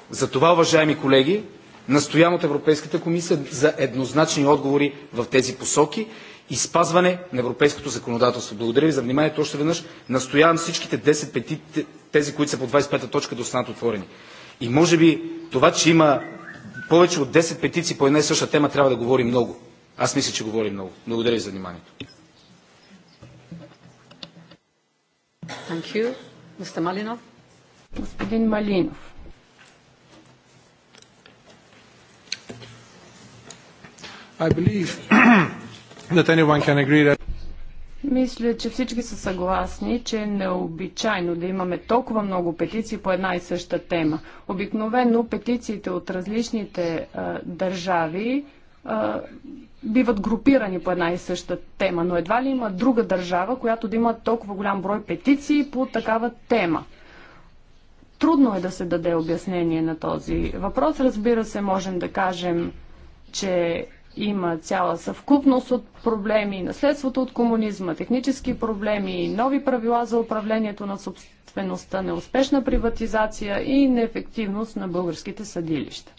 Затова, уважаеми колеги, Настоявам от Европейската комисия за еднозначни отговори в тези посоки и спазване на европейското законодателство. Благодаря ви за вниманието. Още веднъж настоявам всичките 10 пети, тези, които са по 25-та точка, да останат отворени. И може би това, че има повече от 10 петиции по една и съща тема, трябва да говори много. Аз мисля, че говори много. Благодаря ви за вниманието. Thank you. Mr. Malinov. Господин Малинов. I believe that anyone can agree that мисля, че всички са съгласни, че е необичайно да имаме толкова много петиции по една и съща тема. Обикновено петициите от различните а, държави а, биват групирани по една и съща тема, но едва ли има друга държава, която да има толкова голям брой петиции по такава тема. Трудно е да се даде обяснение на този въпрос. Разбира се, можем да кажем, че има цяла съвкупност от проблеми, наследството от комунизма, технически проблеми, нови правила за управлението на собствеността, неуспешна приватизация и неефективност на българските съдилища.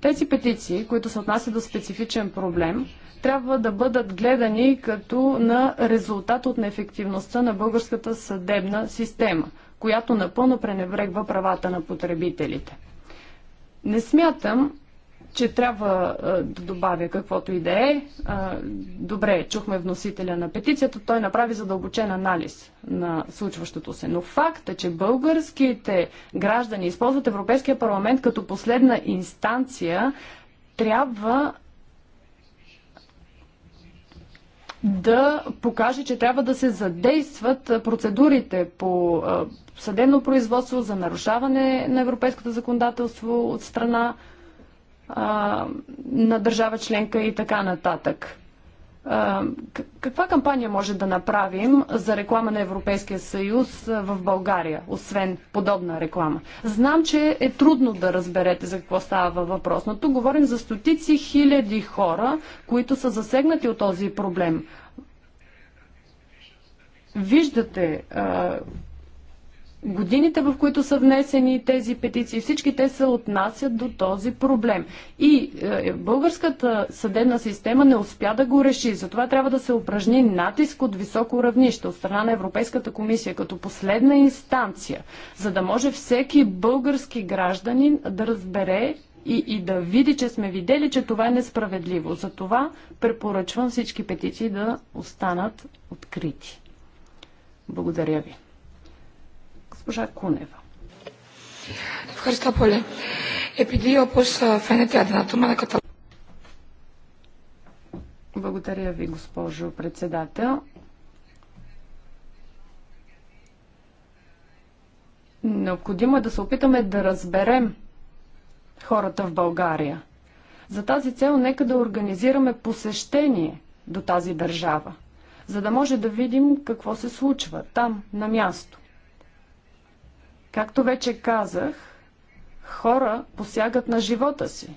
Тези петиции, които се отнасят до специфичен проблем, трябва да бъдат гледани като на резултат от неефективността на българската съдебна система – която напълно пренебрегва правата на потребителите. Не смятам, че трябва да добавя каквото и да е. добре, чухме вносителя на петицията, той направи задълбочен анализ на случващото се. Но факта, че българските граждани използват Европейския парламент като последна инстанция, трябва да покаже, че трябва да се задействат процедурите по съдебно производство за нарушаване на европейското законодателство от страна на държава членка и така нататък. Каква кампания може да направим за реклама на Европейския съюз в България, освен подобна реклама? Знам, че е трудно да разберете за какво става въпрос, но тук говорим за стотици хиляди хора, които са засегнати от този проблем. Виждате годините, в които са внесени тези петиции, всички те се отнасят до този проблем. И е, българската съдебна система не успя да го реши. Затова трябва да се упражни натиск от високо равнище от страна на Европейската комисия като последна инстанция, за да може всеки български гражданин да разбере и, и да види, че сме видели, че това е несправедливо. Затова препоръчвам всички петиции да останат открити. Благодаря ви. Госпожа Кунева. благодаря ви, госпожо председател. Необходимо е да се опитаме да разберем хората в България. За тази цел нека да организираме посещение до тази държава, за да може да видим какво се случва там, на място. Както вече казах, хора посягат на живота си.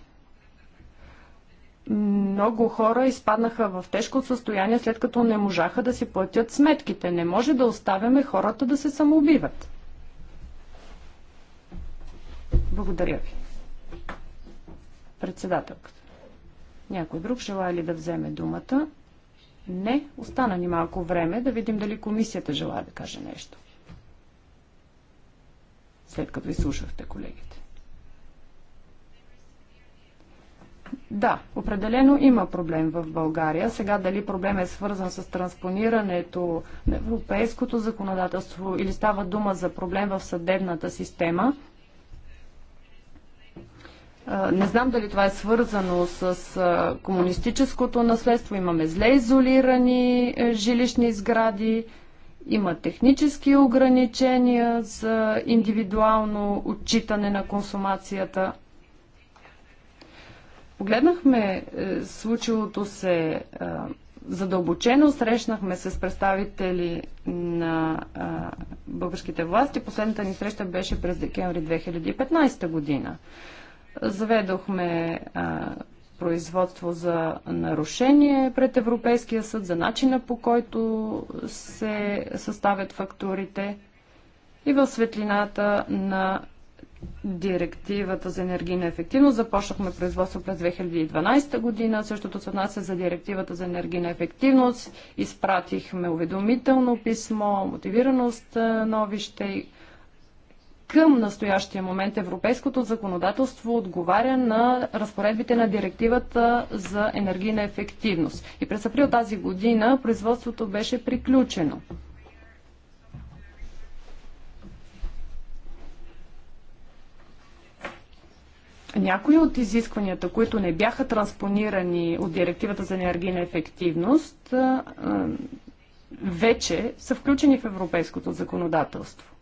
Много хора изпаднаха в тежко състояние, след като не можаха да си платят сметките. Не може да оставяме хората да се самоубиват. Благодаря ви. Председателката. Някой друг желая ли да вземе думата? Не. Остана ни малко време да видим дали комисията желая да каже нещо след като изслушахте колегите. Да, определено има проблем в България. Сега дали проблем е свързан с транспонирането на европейското законодателство или става дума за проблем в съдебната система, не знам дали това е свързано с комунистическото наследство. Имаме зле изолирани е, жилищни сгради, има технически ограничения за индивидуално отчитане на консумацията. Погледнахме е, случилото се е, задълбочено, срещнахме се с представители на е, българските власти. Последната ни среща беше през декември 2015 година. Заведохме производство за нарушение пред Европейския съд, за начина по който се съставят фактурите и в светлината на директивата за енергийна ефективност. Започнахме производство през 2012 година. Същото се отнася за директивата за енергийна ефективност. Изпратихме уведомително писмо, новище и към настоящия момент европейското законодателство отговаря на разпоредбите на директивата за енергийна ефективност. И през април тази година производството беше приключено. Някои от изискванията, които не бяха транспонирани от директивата за енергийна ефективност, вече са включени в европейското законодателство.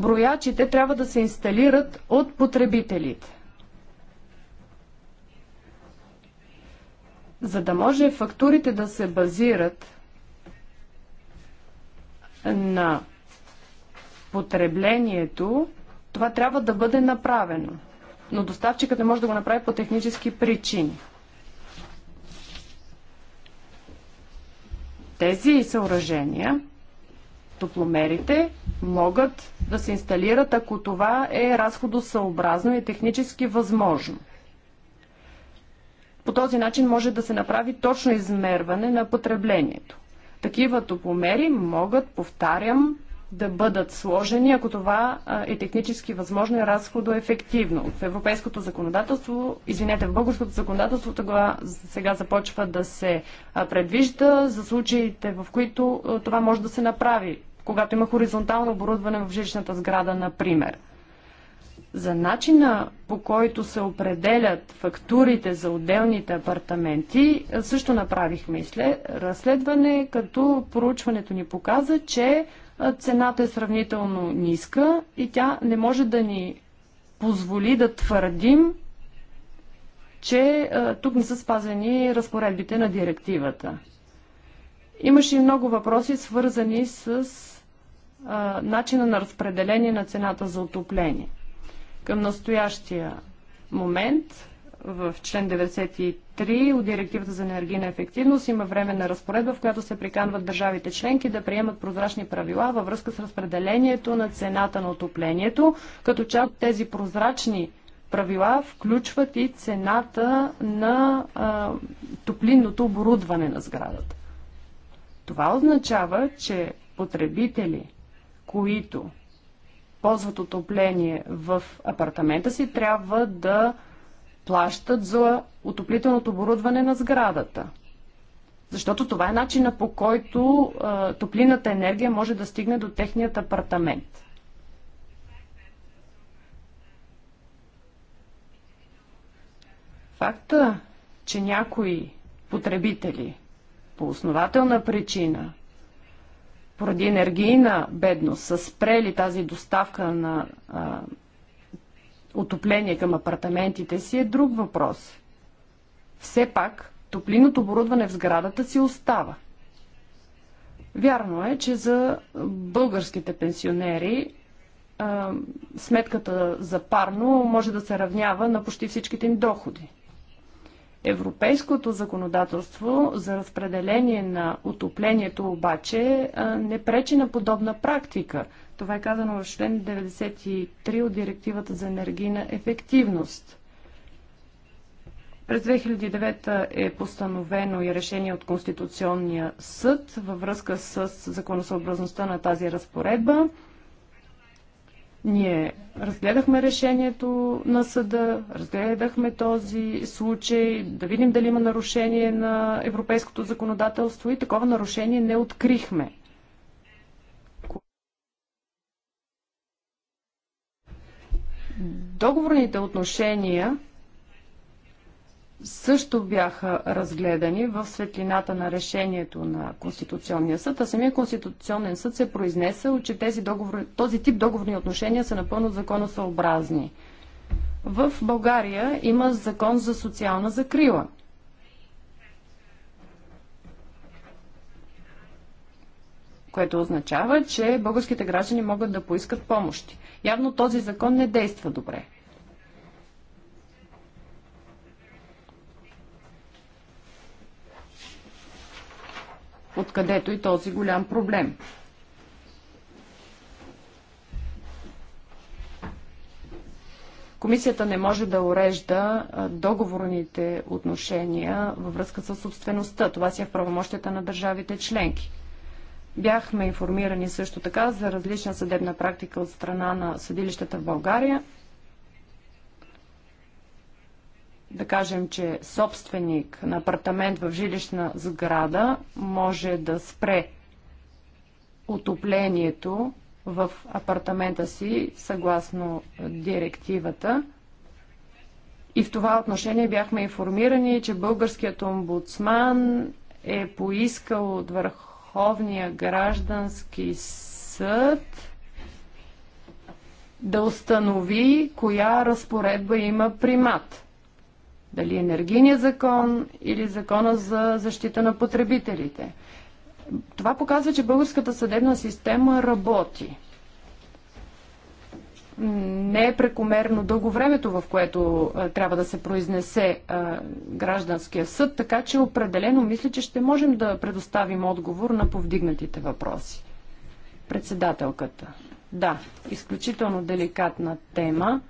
броячите трябва да се инсталират от потребителите. За да може фактурите да се базират на потреблението, това трябва да бъде направено. Но доставчикът не може да го направи по технически причини. Тези съоръжения топломерите могат да се инсталират, ако това е разходосъобразно и технически възможно. По този начин може да се направи точно измерване на потреблението. Такива топломери могат, повтарям, да бъдат сложени, ако това е технически възможно и разходоефективно. В европейското законодателство, извинете, в българското законодателство тогава сега започва да се предвижда за случаите, в които това може да се направи когато има хоризонтално оборудване в жилищната сграда, например. За начина по който се определят фактурите за отделните апартаменти, също направихме изслед... разследване, като проучването ни показа, че цената е сравнително ниска и тя не може да ни позволи да твърдим, че тук не са спазени разпоредбите на директивата. Имаше и много въпроси, свързани с начина на разпределение на цената за отопление. Към настоящия момент в член 93 от Директивата за енергийна ефективност има временна разпоредба, в която се приканват държавите членки да приемат прозрачни правила във връзка с разпределението на цената на отоплението, като част от тези прозрачни правила включват и цената на а, топлинното оборудване на сградата. Това означава, че потребители които ползват отопление в апартамента си, трябва да плащат за отоплителното оборудване на сградата. Защото това е начина по който а, топлината енергия може да стигне до техният апартамент. Факта, че някои потребители по основателна причина поради енергийна бедност са спрели тази доставка на а, отопление към апартаментите си е друг въпрос. Все пак, топлиното оборудване в сградата си остава. Вярно е, че за българските пенсионери а, сметката за парно може да се равнява на почти всичките им доходи. Европейското законодателство за разпределение на отоплението обаче не пречи на подобна практика. Това е казано в член 93 от Директивата за енергийна ефективност. През 2009 е постановено и решение от Конституционния съд във връзка с законосъобразността на тази разпоредба. Ние разгледахме решението на съда, разгледахме този случай, да видим дали има нарушение на европейското законодателство и такова нарушение не открихме. Договорните отношения също бяха разгледани в светлината на решението на Конституционния съд, а самия Конституционен съд се е произнесъл, че тези договор... този тип договорни отношения са напълно законосъобразни. В България има закон за социална закрила. Което означава, че българските граждани могат да поискат помощи. Явно този закон не действа добре. откъдето и този голям проблем. Комисията не може да урежда договорните отношения във връзка с собствеността. Това си е в правомощията на държавите членки. Бяхме информирани също така за различна съдебна практика от страна на съдилищата в България да кажем, че собственик на апартамент в жилищна сграда може да спре отоплението в апартамента си съгласно директивата. И в това отношение бяхме информирани, че българският омбудсман е поискал от Върховния граждански съд да установи коя разпоредба има примат. Дали е енергийния закон или закона за защита на потребителите. Това показва, че българската съдебна система работи. Не е прекомерно дълго времето, в което а, трябва да се произнесе а, гражданския съд, така че определено мисля, че ще можем да предоставим отговор на повдигнатите въпроси. Председателката. Да, изключително деликатна тема.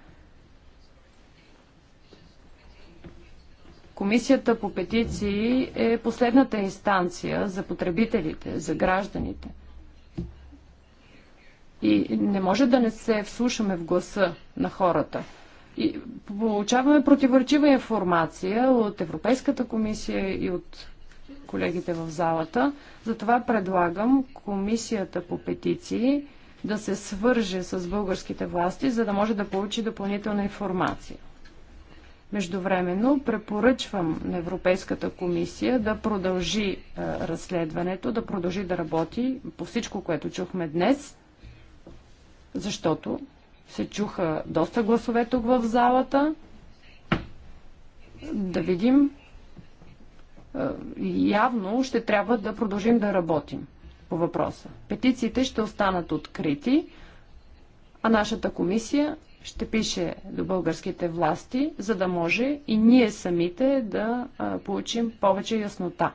Комисията по петиции е последната инстанция за потребителите, за гражданите. И не може да не се вслушаме в гласа на хората. И получаваме противоречива информация от Европейската комисия и от колегите в залата. Затова предлагам комисията по петиции да се свърже с българските власти, за да може да получи допълнителна информация. Междувременно препоръчвам на Европейската комисия да продължи а, е, разследването, да продължи да работи по всичко, което чухме днес, защото се чуха доста гласове тук в залата. Да видим. А, е, явно ще трябва да продължим да работим по въпроса. Петициите ще останат открити, а нашата комисия ще пише до българските власти, за да може и ние самите да получим повече яснота.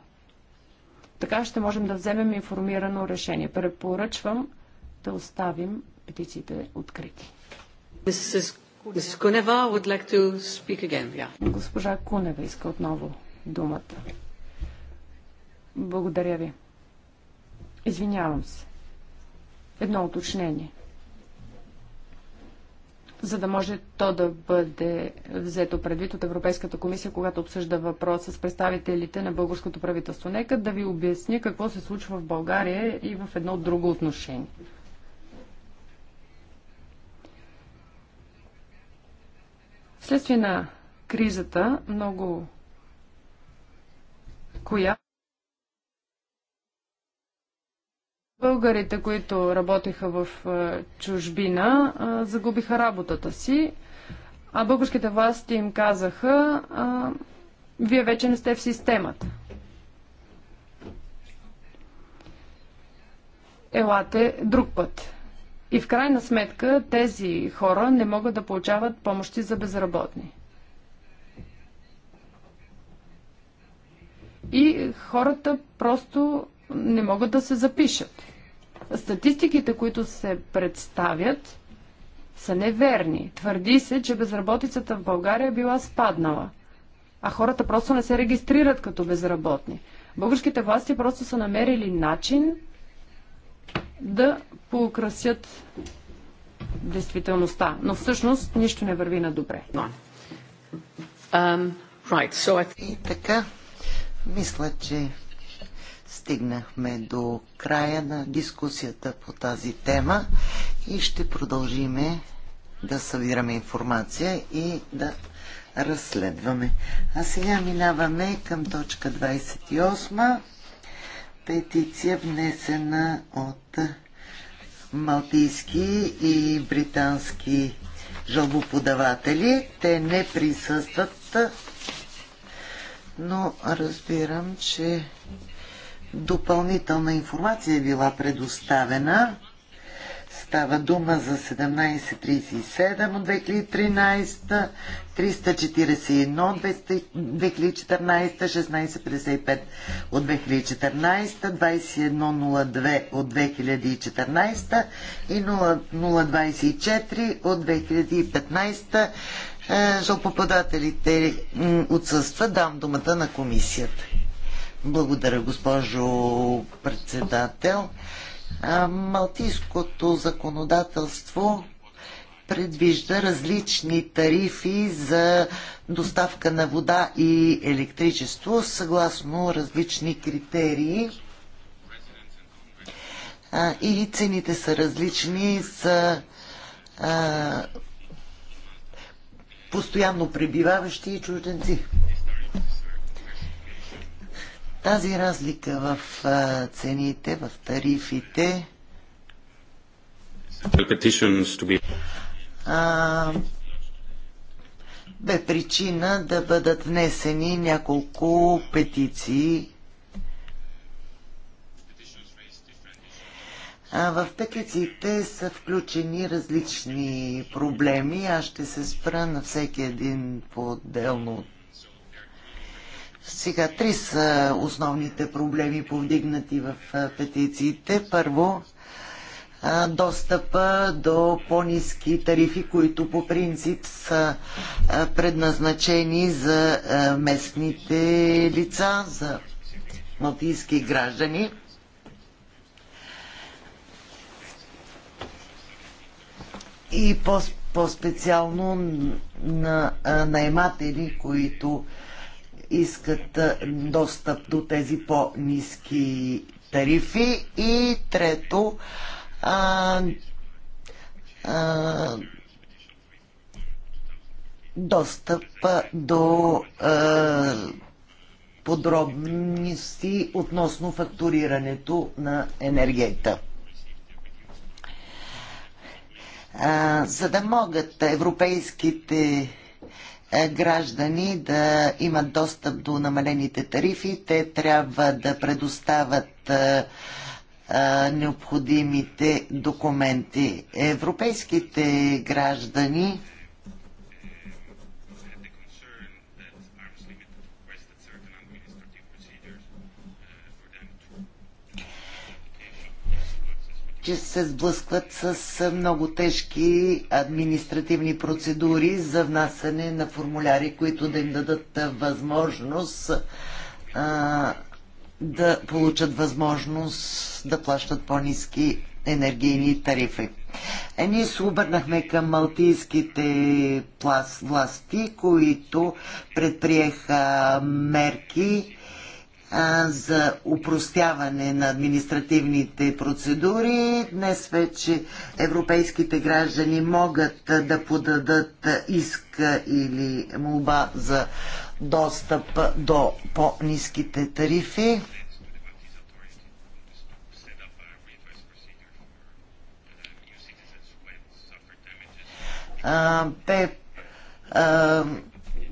Така ще можем да вземем информирано решение. Препоръчвам да оставим петициите открити. Госпожа Кунева иска отново думата. Благодаря ви. Извинявам се. Едно уточнение – за да може то да бъде взето предвид от Европейската комисия, когато обсъжда въпрос с представителите на българското правителство. Нека да ви обясня какво се случва в България и в едно друго отношение. Вследствие на кризата, много коя Българите, които работеха в чужбина, загубиха работата си, а българските власти им казаха, вие вече не сте в системата. Елате друг път. И в крайна сметка тези хора не могат да получават помощи за безработни. И хората просто не могат да се запишат статистиките, които се представят, са неверни. Твърди се, че безработицата в България била спаднала, а хората просто не се регистрират като безработни. Българските власти просто са намерили начин да поукрасят действителността. Но всъщност нищо не върви на добре. Um, right, so I... И така, мисля, че стигнахме до края на дискусията по тази тема и ще продължиме да събираме информация и да разследваме. А сега минаваме към точка 28. Петиция внесена от малтийски и британски жалбоподаватели. Те не присъстват, но разбирам, че допълнителна информация е била предоставена. Става дума за 1737 от 2013, 341 от 2014, 1655 от 2014, 2102 от 2014 и 024 от 2015. Е, Жалпопадателите отсъства. Дам думата на комисията. Благодаря, госпожо председател. Малтийското законодателство предвижда различни тарифи за доставка на вода и електричество съгласно различни критерии. И цените са различни за постоянно пребиваващи и чужденци. Тази разлика в цените, в тарифите а, бе причина да бъдат внесени няколко петиции. А, в петициите са включени различни проблеми. Аз ще се спра на всеки един по-отделно от сега три са основните проблеми, повдигнати в петициите. Първо, достъпа до по-низки тарифи, които по принцип са предназначени за местните лица, за малтийски граждани. И по-специално на наематели, които искат достъп до тези по-низки тарифи. И трето, а, а, достъп до а, подробности относно фактурирането на енергията. А, за да могат европейските е, граждани да имат достъп до намалените тарифи. Те трябва да предоставят е, е, необходимите документи. Европейските граждани че се сблъскват с много тежки административни процедури за внасяне на формуляри, които да им дадат възможност да получат възможност да плащат по-низки енергийни тарифи. Е, ние се обърнахме към малтийските власти, които предприеха мерки за упростяване на административните процедури. Днес вече европейските граждани могат да подадат иск или молба за достъп до по-низките тарифи. Те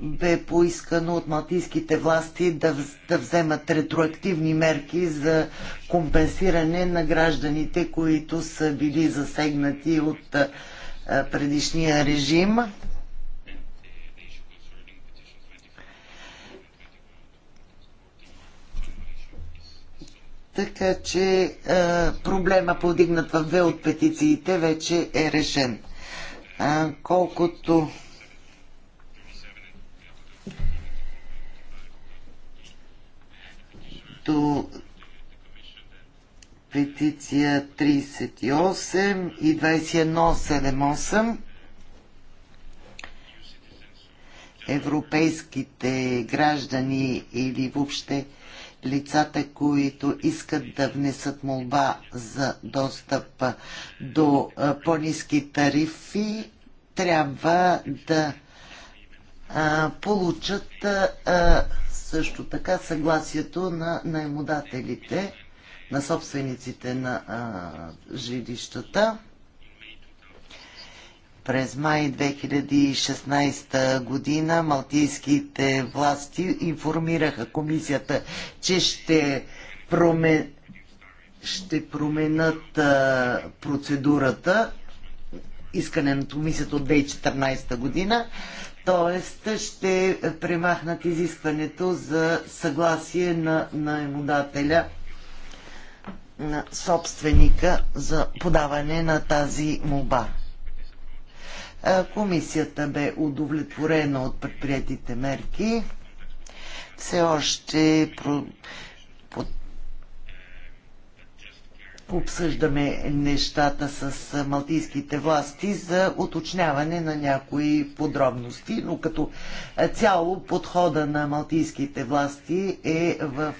бе поискано от малтийските власти да, да вземат ретроактивни мерки за компенсиране на гражданите, които са били засегнати от предишния режим. Така че проблема повдигнат в две от петициите вече е решен. колкото като петиция 38 и 2178 европейските граждани или въобще лицата, които искат да внесат молба за достъп до по-низки тарифи, трябва да получат също така съгласието на наемодателите, на собствениците на а, жилищата. През май 2016 година малтийските власти информираха комисията, че ще, проме... ще променят а, процедурата искане на комисията от 2014 година, Тоест ще премахнат изискването за съгласие на наемодателя на собственика за подаване на тази моба. Комисията бе удовлетворена от предприятите мерки. Все още обсъждаме нещата с малтийските власти за уточняване на някои подробности, но като цяло подхода на малтийските власти е в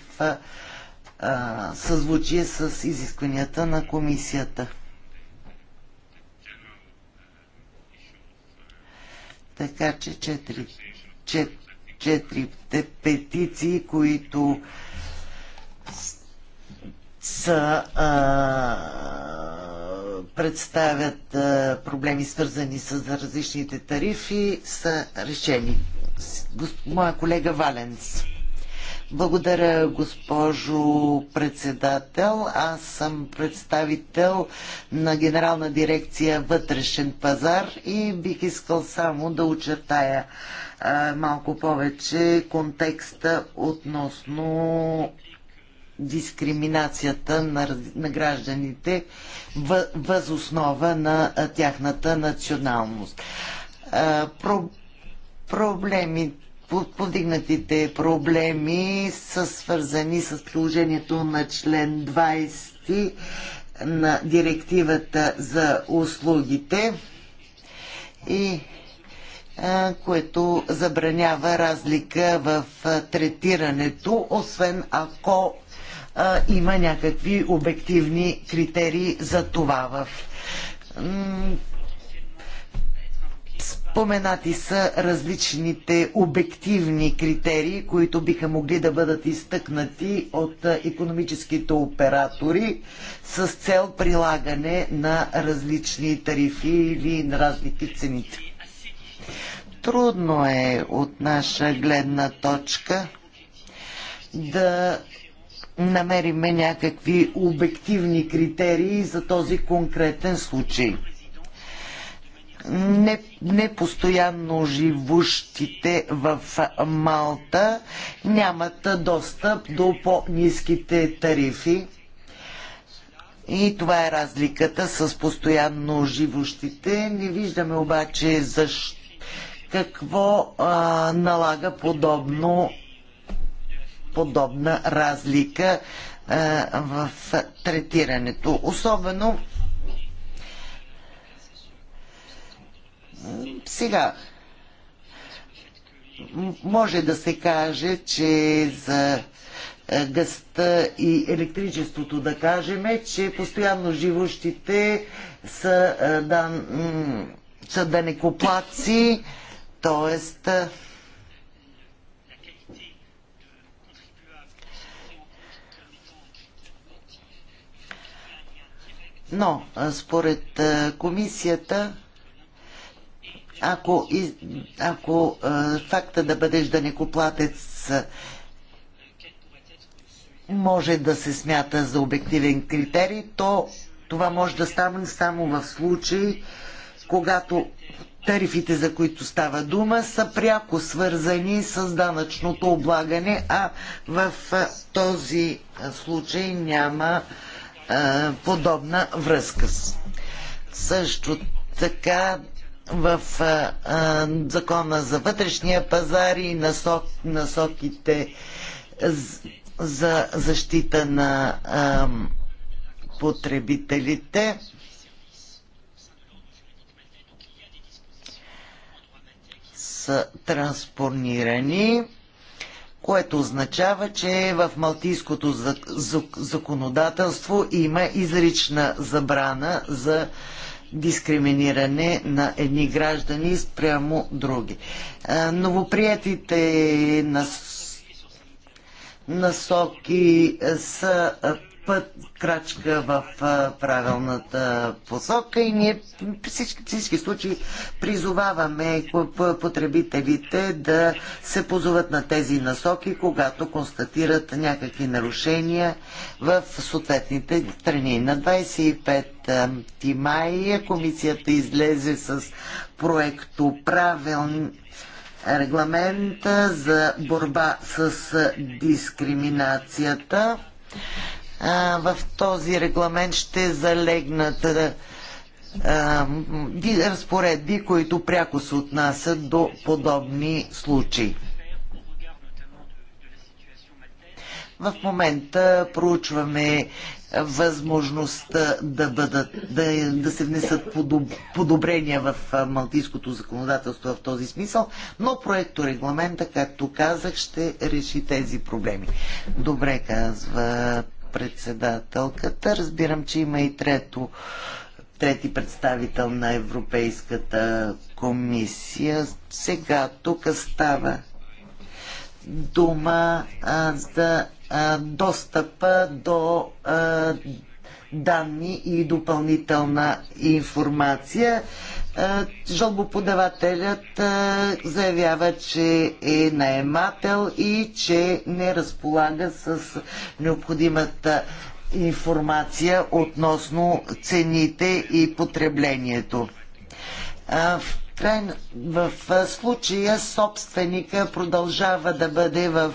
съзвучие с изискванията на комисията. Така че четири, четирите петиции, които са а, представят а, проблеми свързани с различните тарифи са решени. Моя колега Валенс. Благодаря, госпожо председател. Аз съм представител на Генерална дирекция Вътрешен пазар и бих искал само да очертая а, малко повече контекста относно дискриминацията на, на гражданите въз основа на тяхната националност. Про, проблеми, подигнатите проблеми са свързани с приложението на член 20 на директивата за услугите и което забранява разлика в третирането, освен ако а, има някакви обективни критерии за това. В, Споменати са различните обективни критерии, които биха могли да бъдат изтъкнати от економическите оператори с цел прилагане на различни тарифи или на разлики цените. Трудно е от наша гледна точка да намериме някакви обективни критерии за този конкретен случай. Не, непостоянно живущите в Малта нямат достъп до по-низките тарифи. И това е разликата с постоянно живущите. Не виждаме обаче защо какво а, налага подобно подобна разлика в третирането. Особено сега може да се каже, че за е, гъста и електричеството да кажем, че постоянно живущите са, е, да, са данекоплаци, т.е. Но според комисията, ако, ако факта да бъдеш данекоплатец може да се смята за обективен критерий, то това може да стане само в случай, когато тарифите, за които става дума, са пряко свързани с данъчното облагане, а в този случай няма подобна връзка. Също така в а, а, закона за вътрешния пазар и насок, насоките за защита на а, потребителите. са транспонирани което означава, че в малтийското законодателство има изрична забрана за дискриминиране на едни граждани спрямо други. Новоприятите насоки са път, крачка в правилната посока и ние при всички, всички случаи призоваваме потребителите да се позоват на тези насоки, когато констатират някакви нарушения в съответните страни. На 25 май комисията излезе с проекто правилни регламента за борба с дискриминацията в този регламент ще залегнат разпоредби, които пряко се отнасят до подобни случаи. В момента проучваме възможността да, бъдат, да, да се внесат подобрения в малтийското законодателство в този смисъл, но проекторегламента, както казах, ще реши тези проблеми. Добре, казва председателката. Разбирам, че има и трето, трети представител на Европейската комисия. Сега тук става дума а, за а, достъпа до а, данни и допълнителна информация. Жалбоподавателят заявява, че е наемател и че не разполага с необходимата информация относно цените и потреблението. В в случая собственика продължава да бъде в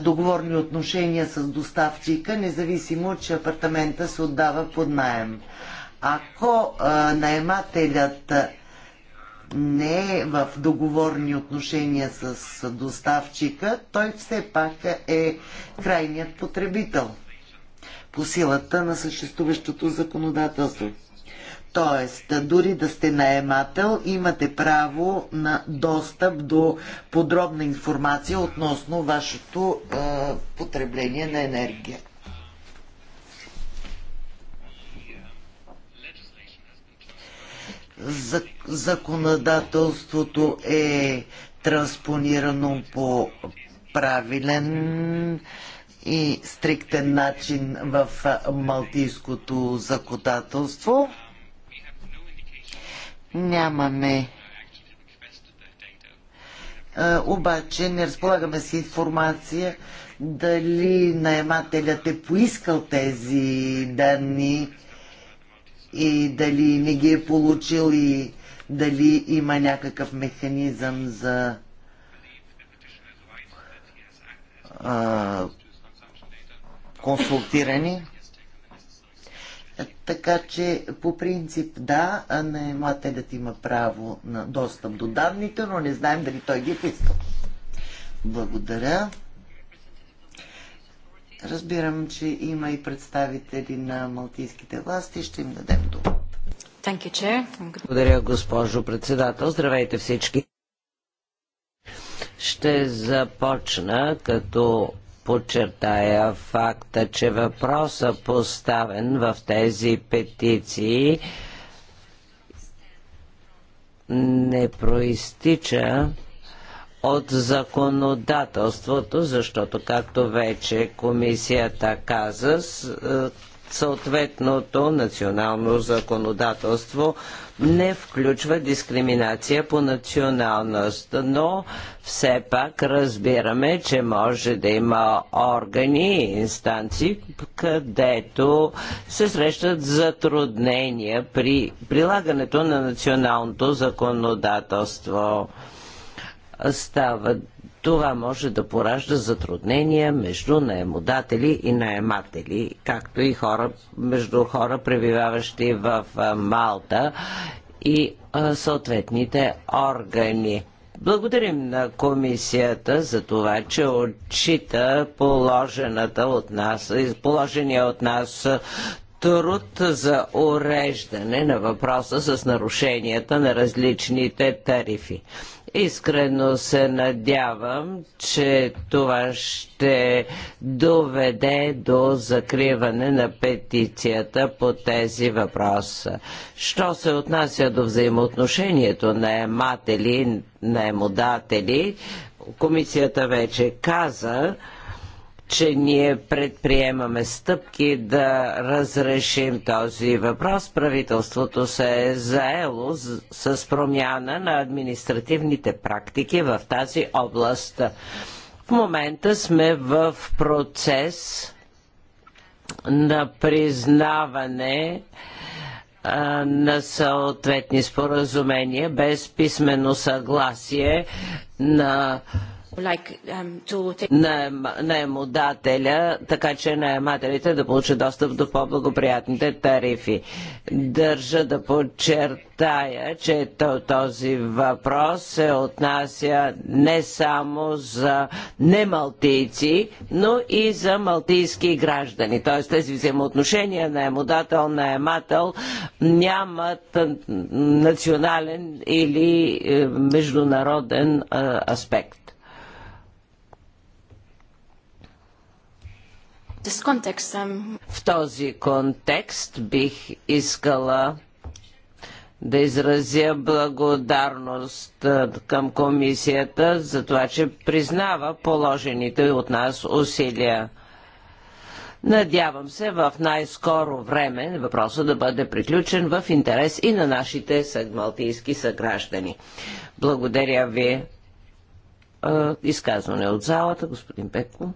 договорни отношения с доставчика, независимо, че апартамента се отдава под найем. Ако наемателят не е в договорни отношения с доставчика, той все пак е крайният потребител по силата на съществуващото законодателство. Тоест, дори да сте наемател, имате право на достъп до подробна информация относно вашето е, потребление на енергия. Законодателството е транспонирано по правилен и стриктен начин в малтийското законодателство. Нямаме обаче не разполагаме с информация дали наемателят е поискал тези данни и дали не ги е получил и дали има някакъв механизъм за а, консултиране. Така че по принцип да, наемателят има право на достъп до данните, но не знаем дали той ги е поискал. Благодаря. Разбирам, че има и представители на малтийските власти. Ще им дадем думата. Благодаря, госпожо председател. Здравейте всички. Ще започна като подчертая факта, че въпроса поставен в тези петиции не проистича от законодателството, защото, както вече комисията каза, съответното национално законодателство не включва дискриминация по националност, но все пак разбираме, че може да има органи и инстанции, където се срещат затруднения при прилагането на националното законодателство. Става това може да поражда затруднения между наемодатели и наематели, както и хора, между хора, пребиваващи в Малта и съответните органи. Благодарим на комисията за това, че отчита положената от нас, положения от нас труд за уреждане на въпроса с нарушенията на различните тарифи. Искрено се надявам, че това ще доведе до закриване на петицията по тези въпроса. Що се отнася до взаимоотношението на ематели, на емодатели, комисията вече каза, че ние предприемаме стъпки да разрешим този въпрос. Правителството се е заело с промяна на административните практики в тази област. В момента сме в процес на признаване на съответни споразумения без писмено съгласие на Um, наемодателя, така че наемателите да получат достъп до по-благоприятните тарифи. Държа да подчертая, че този въпрос се отнася не само за немалтийци, но и за малтийски граждани. Т.е. тези взаимоотношения наемодател, наемател нямат национален или е, международен е, аспект. Um, в този контекст бих искала да изразя благодарност към комисията за това, че признава положените от нас усилия. Надявам се в най-скоро време въпросът да бъде приключен в интерес и на нашите малтийски съграждани. Благодаря ви. Изказване от залата, господин Пеко.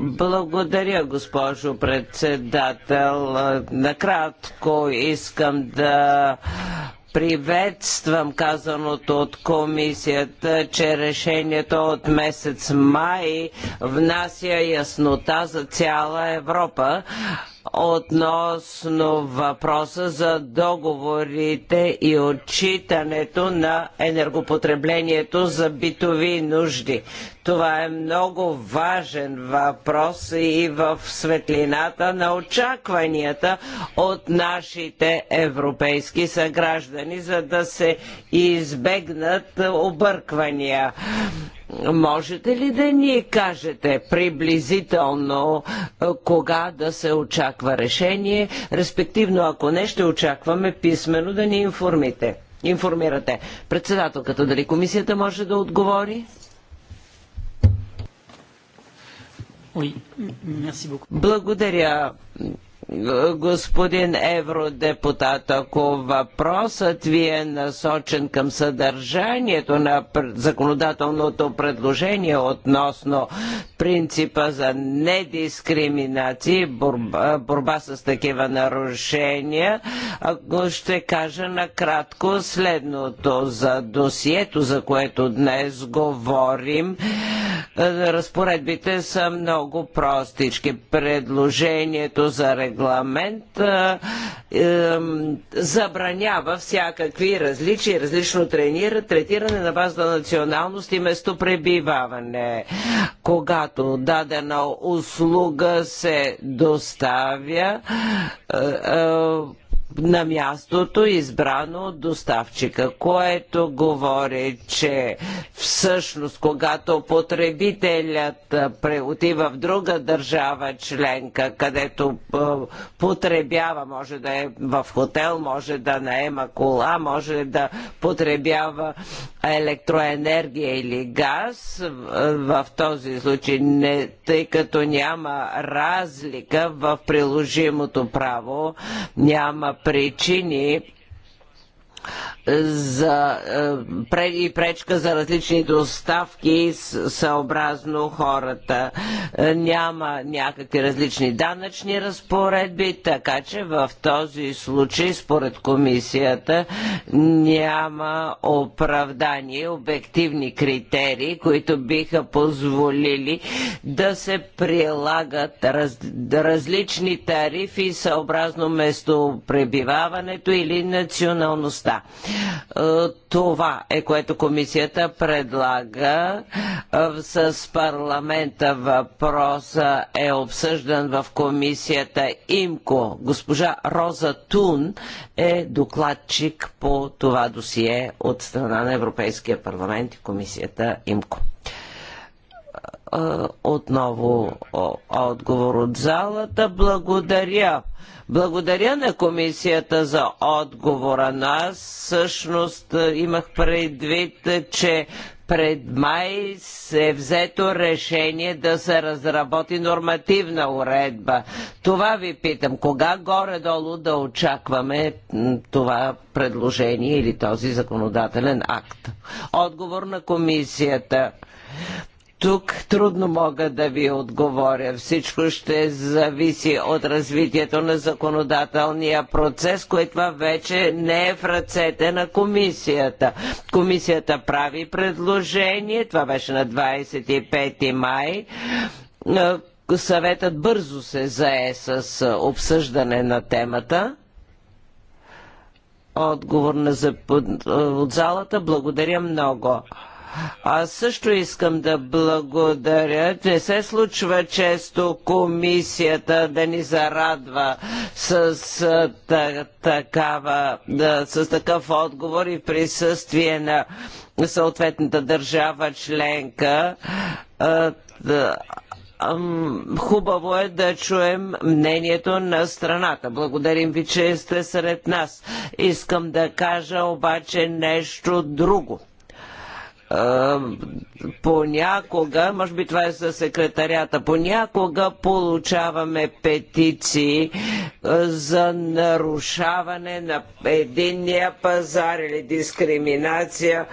Благодаря, госпожо председател. Накратко искам да приветствам казаното от комисията, че решението от месец май внася яснота за цяла Европа относно въпроса за договорите и отчитането на енергопотреблението за битови нужди. Това е много важен въпрос и в светлината на очакванията от нашите европейски съграждани, за да се избегнат обърквания. Можете ли да ни кажете приблизително е, кога да се очаква решение, респективно ако не ще очакваме писмено да ни информите? информирате председателката. Дали комисията може да отговори? Благодаря, господин евродепутат, ако въпросът ви е насочен към съдържанието на законодателното предложение относно принципа за недискриминация и борба, борба с такива нарушения, ако ще кажа накратко следното за досието, за което днес говорим. Разпоредбите са много простички. Предложението за регламент регламент а, е, забранява всякакви различия, различно тренира, третиране на база на националност и местопребиваване. Когато дадена услуга се доставя, е, е, на мястото, е избрано от доставчика, което говори, че всъщност, когато потребителят отива в друга държава членка, където потребява, може да е в хотел, може да наема кола, може да потребява електроенергия или газ, в този случай, не, тъй като няма разлика в приложимото право, няма причини за, е, и пречка за различни доставки съобразно хората. Е, няма някакви различни данъчни разпоредби, така че в този случай, според комисията, няма оправдание, обективни критерии, които биха позволили да се прилагат раз, различни тарифи съобразно местопребиваването или националността. Е, това е което комисията предлага. Е, с парламента въпроса е обсъждан в комисията ИМКО. Госпожа Роза Тун е докладчик по това досие от страна на Европейския парламент и комисията ИМКО отново отговор от залата. Благодаря. Благодаря на комисията за отговора. Аз всъщност имах предвид, че пред май се е взето решение да се разработи нормативна уредба. Това ви питам. Кога горе-долу да очакваме това предложение или този законодателен акт? Отговор на комисията тук трудно мога да ви отговоря. Всичко ще зависи от развитието на законодателния процес, което вече не е в ръцете на комисията. Комисията прави предложение, това беше на 25 май. Съветът бързо се зае с обсъждане на темата. Отговор на, от залата. Благодаря много. Аз също искам да благодаря. Не се случва често комисията да ни зарадва с, такава, с такъв отговор и присъствие на съответната държава членка. Хубаво е да чуем мнението на страната. Благодарим ви, че сте сред нас. Искам да кажа обаче нещо друго понякога, може би това е за секретарята, понякога получаваме петиции за нарушаване на единния пазар или дискриминация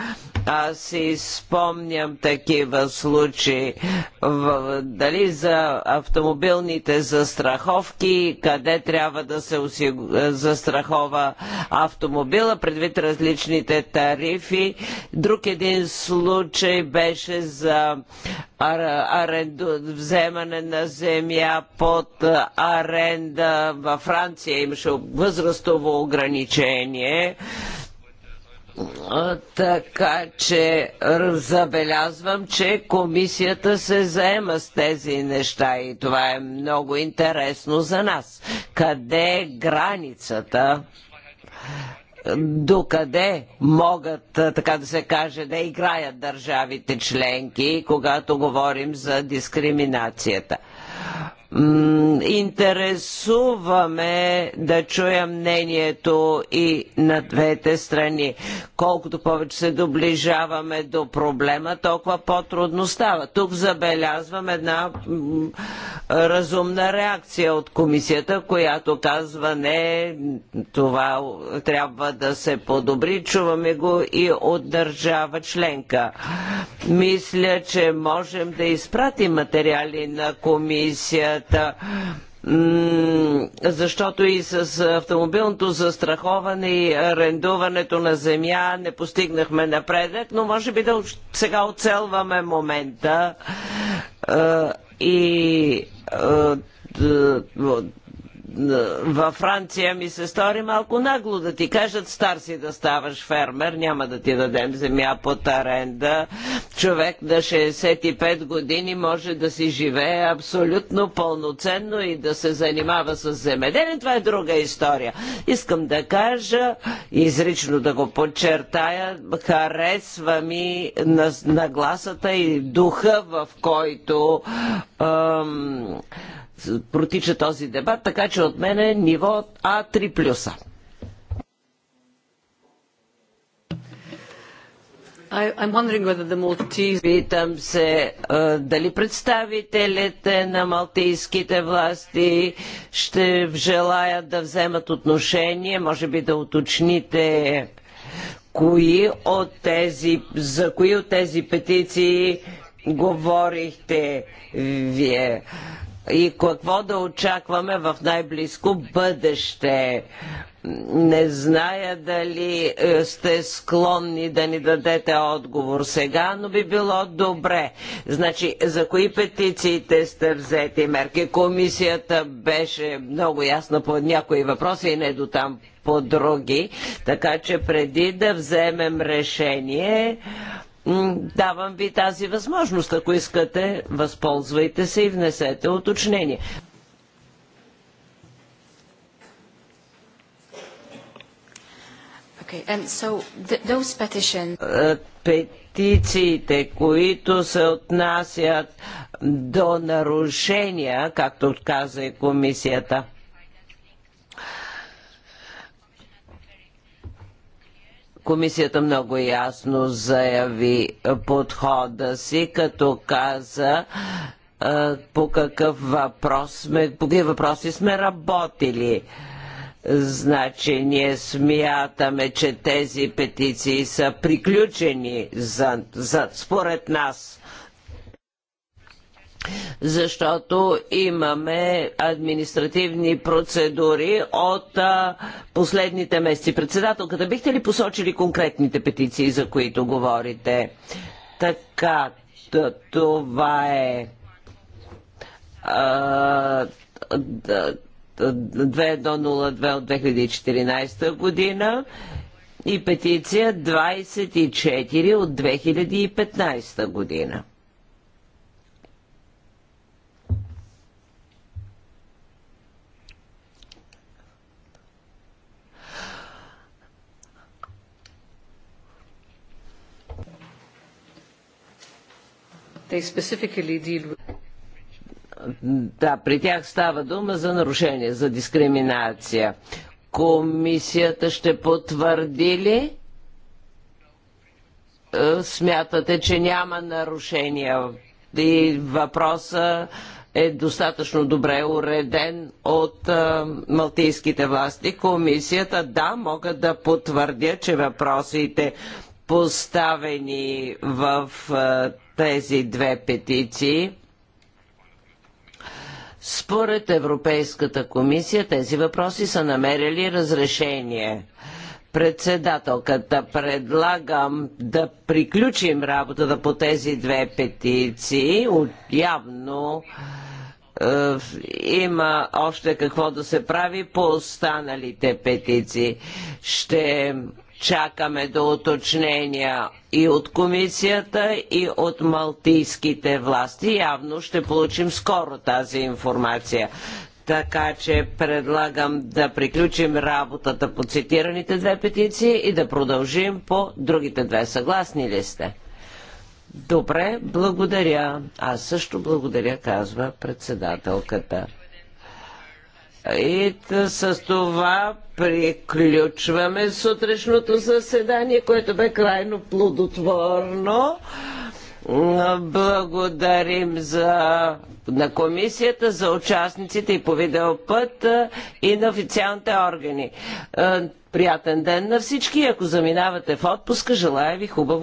аз си спомням такива случаи. В, дали за автомобилните застраховки, къде трябва да се осигу... Е, застрахова автомобила, предвид различните тарифи. Друг един случай беше за аренду, вземане на земя под аренда. Във Франция имаше възрастово ограничение. Така че забелязвам, че комисията се заема с тези неща и това е много интересно за нас. Къде е границата? докъде могат, така да се каже, да играят държавите членки, когато говорим за дискриминацията интересуваме да чуем мнението и на двете страни. Колкото повече се доближаваме до проблема, толкова по-трудно става. Тук забелязвам една разумна реакция от комисията, която казва не, това трябва да се подобри. Чуваме го и от държава членка. Мисля, че можем да изпратим материали на комисията комисията защото и с автомобилното застраховане и арендуването на земя не постигнахме напредък, но може би да сега оцелваме момента и във Франция ми се стори малко нагло да ти кажат стар си да ставаш фермер, няма да ти дадем земя под аренда. Човек на 65 години може да си живее абсолютно пълноценно и да се занимава с земеделие. Това е друга история. Искам да кажа, изрично да го подчертая, харесва ми нагласата на и духа, в който ам, протича този дебат, така че от мен е ниво А3 плюса. Maltese... Питам се дали представителите на малтийските власти ще желаят да вземат отношение, може би да уточните кои от тези, за кои от тези петиции говорихте вие и какво да очакваме в най-близко бъдеще. Не зная дали е, сте склонни да ни дадете отговор сега, но би било добре. Значи, за кои петициите сте взети мерки? Комисията беше много ясна по някои въпроси и не до там по други. Така че преди да вземем решение, Давам ви тази възможност. Ако искате, възползвайте се и внесете уточнение. Е, петициите, които се отнасят до нарушения, както каза и комисията, Комисията много ясно заяви подхода си, като каза по какъв въпрос сме, по какви въпроси сме работили. Значи ние смятаме, че тези петиции са приключени за, за, според нас защото имаме административни процедури от а, последните месеци. Председателката, бихте ли посочили конкретните петиции, за които говорите? Така, това е. А, 2102 от 2014 година и петиция 24 от 2015 година. да, при тях става дума за нарушение, за дискриминация. Комисията ще потвърди ли? Е, смятате, че няма нарушения и въпроса е достатъчно добре уреден от а, е, малтийските власти. Комисията, да, могат да потвърдят, че въпросите поставени в тези две петиции. Според Европейската комисия тези въпроси са намерили разрешение председателката. Предлагам да приключим работата по тези две петиции. Явно има още какво да се прави по останалите петиции. Ще Чакаме до уточнения и от комисията, и от малтийските власти. Явно ще получим скоро тази информация. Така че предлагам да приключим работата по цитираните две петиции и да продължим по другите две. Съгласни ли сте? Добре, благодаря. Аз също благодаря, казва председателката. И с това приключваме сутрешното заседание, което бе крайно плодотворно. Благодарим за, на комисията, за участниците и по видеопът и на официалните органи. Приятен ден на всички. Ако заминавате в отпуска, желая ви хубаво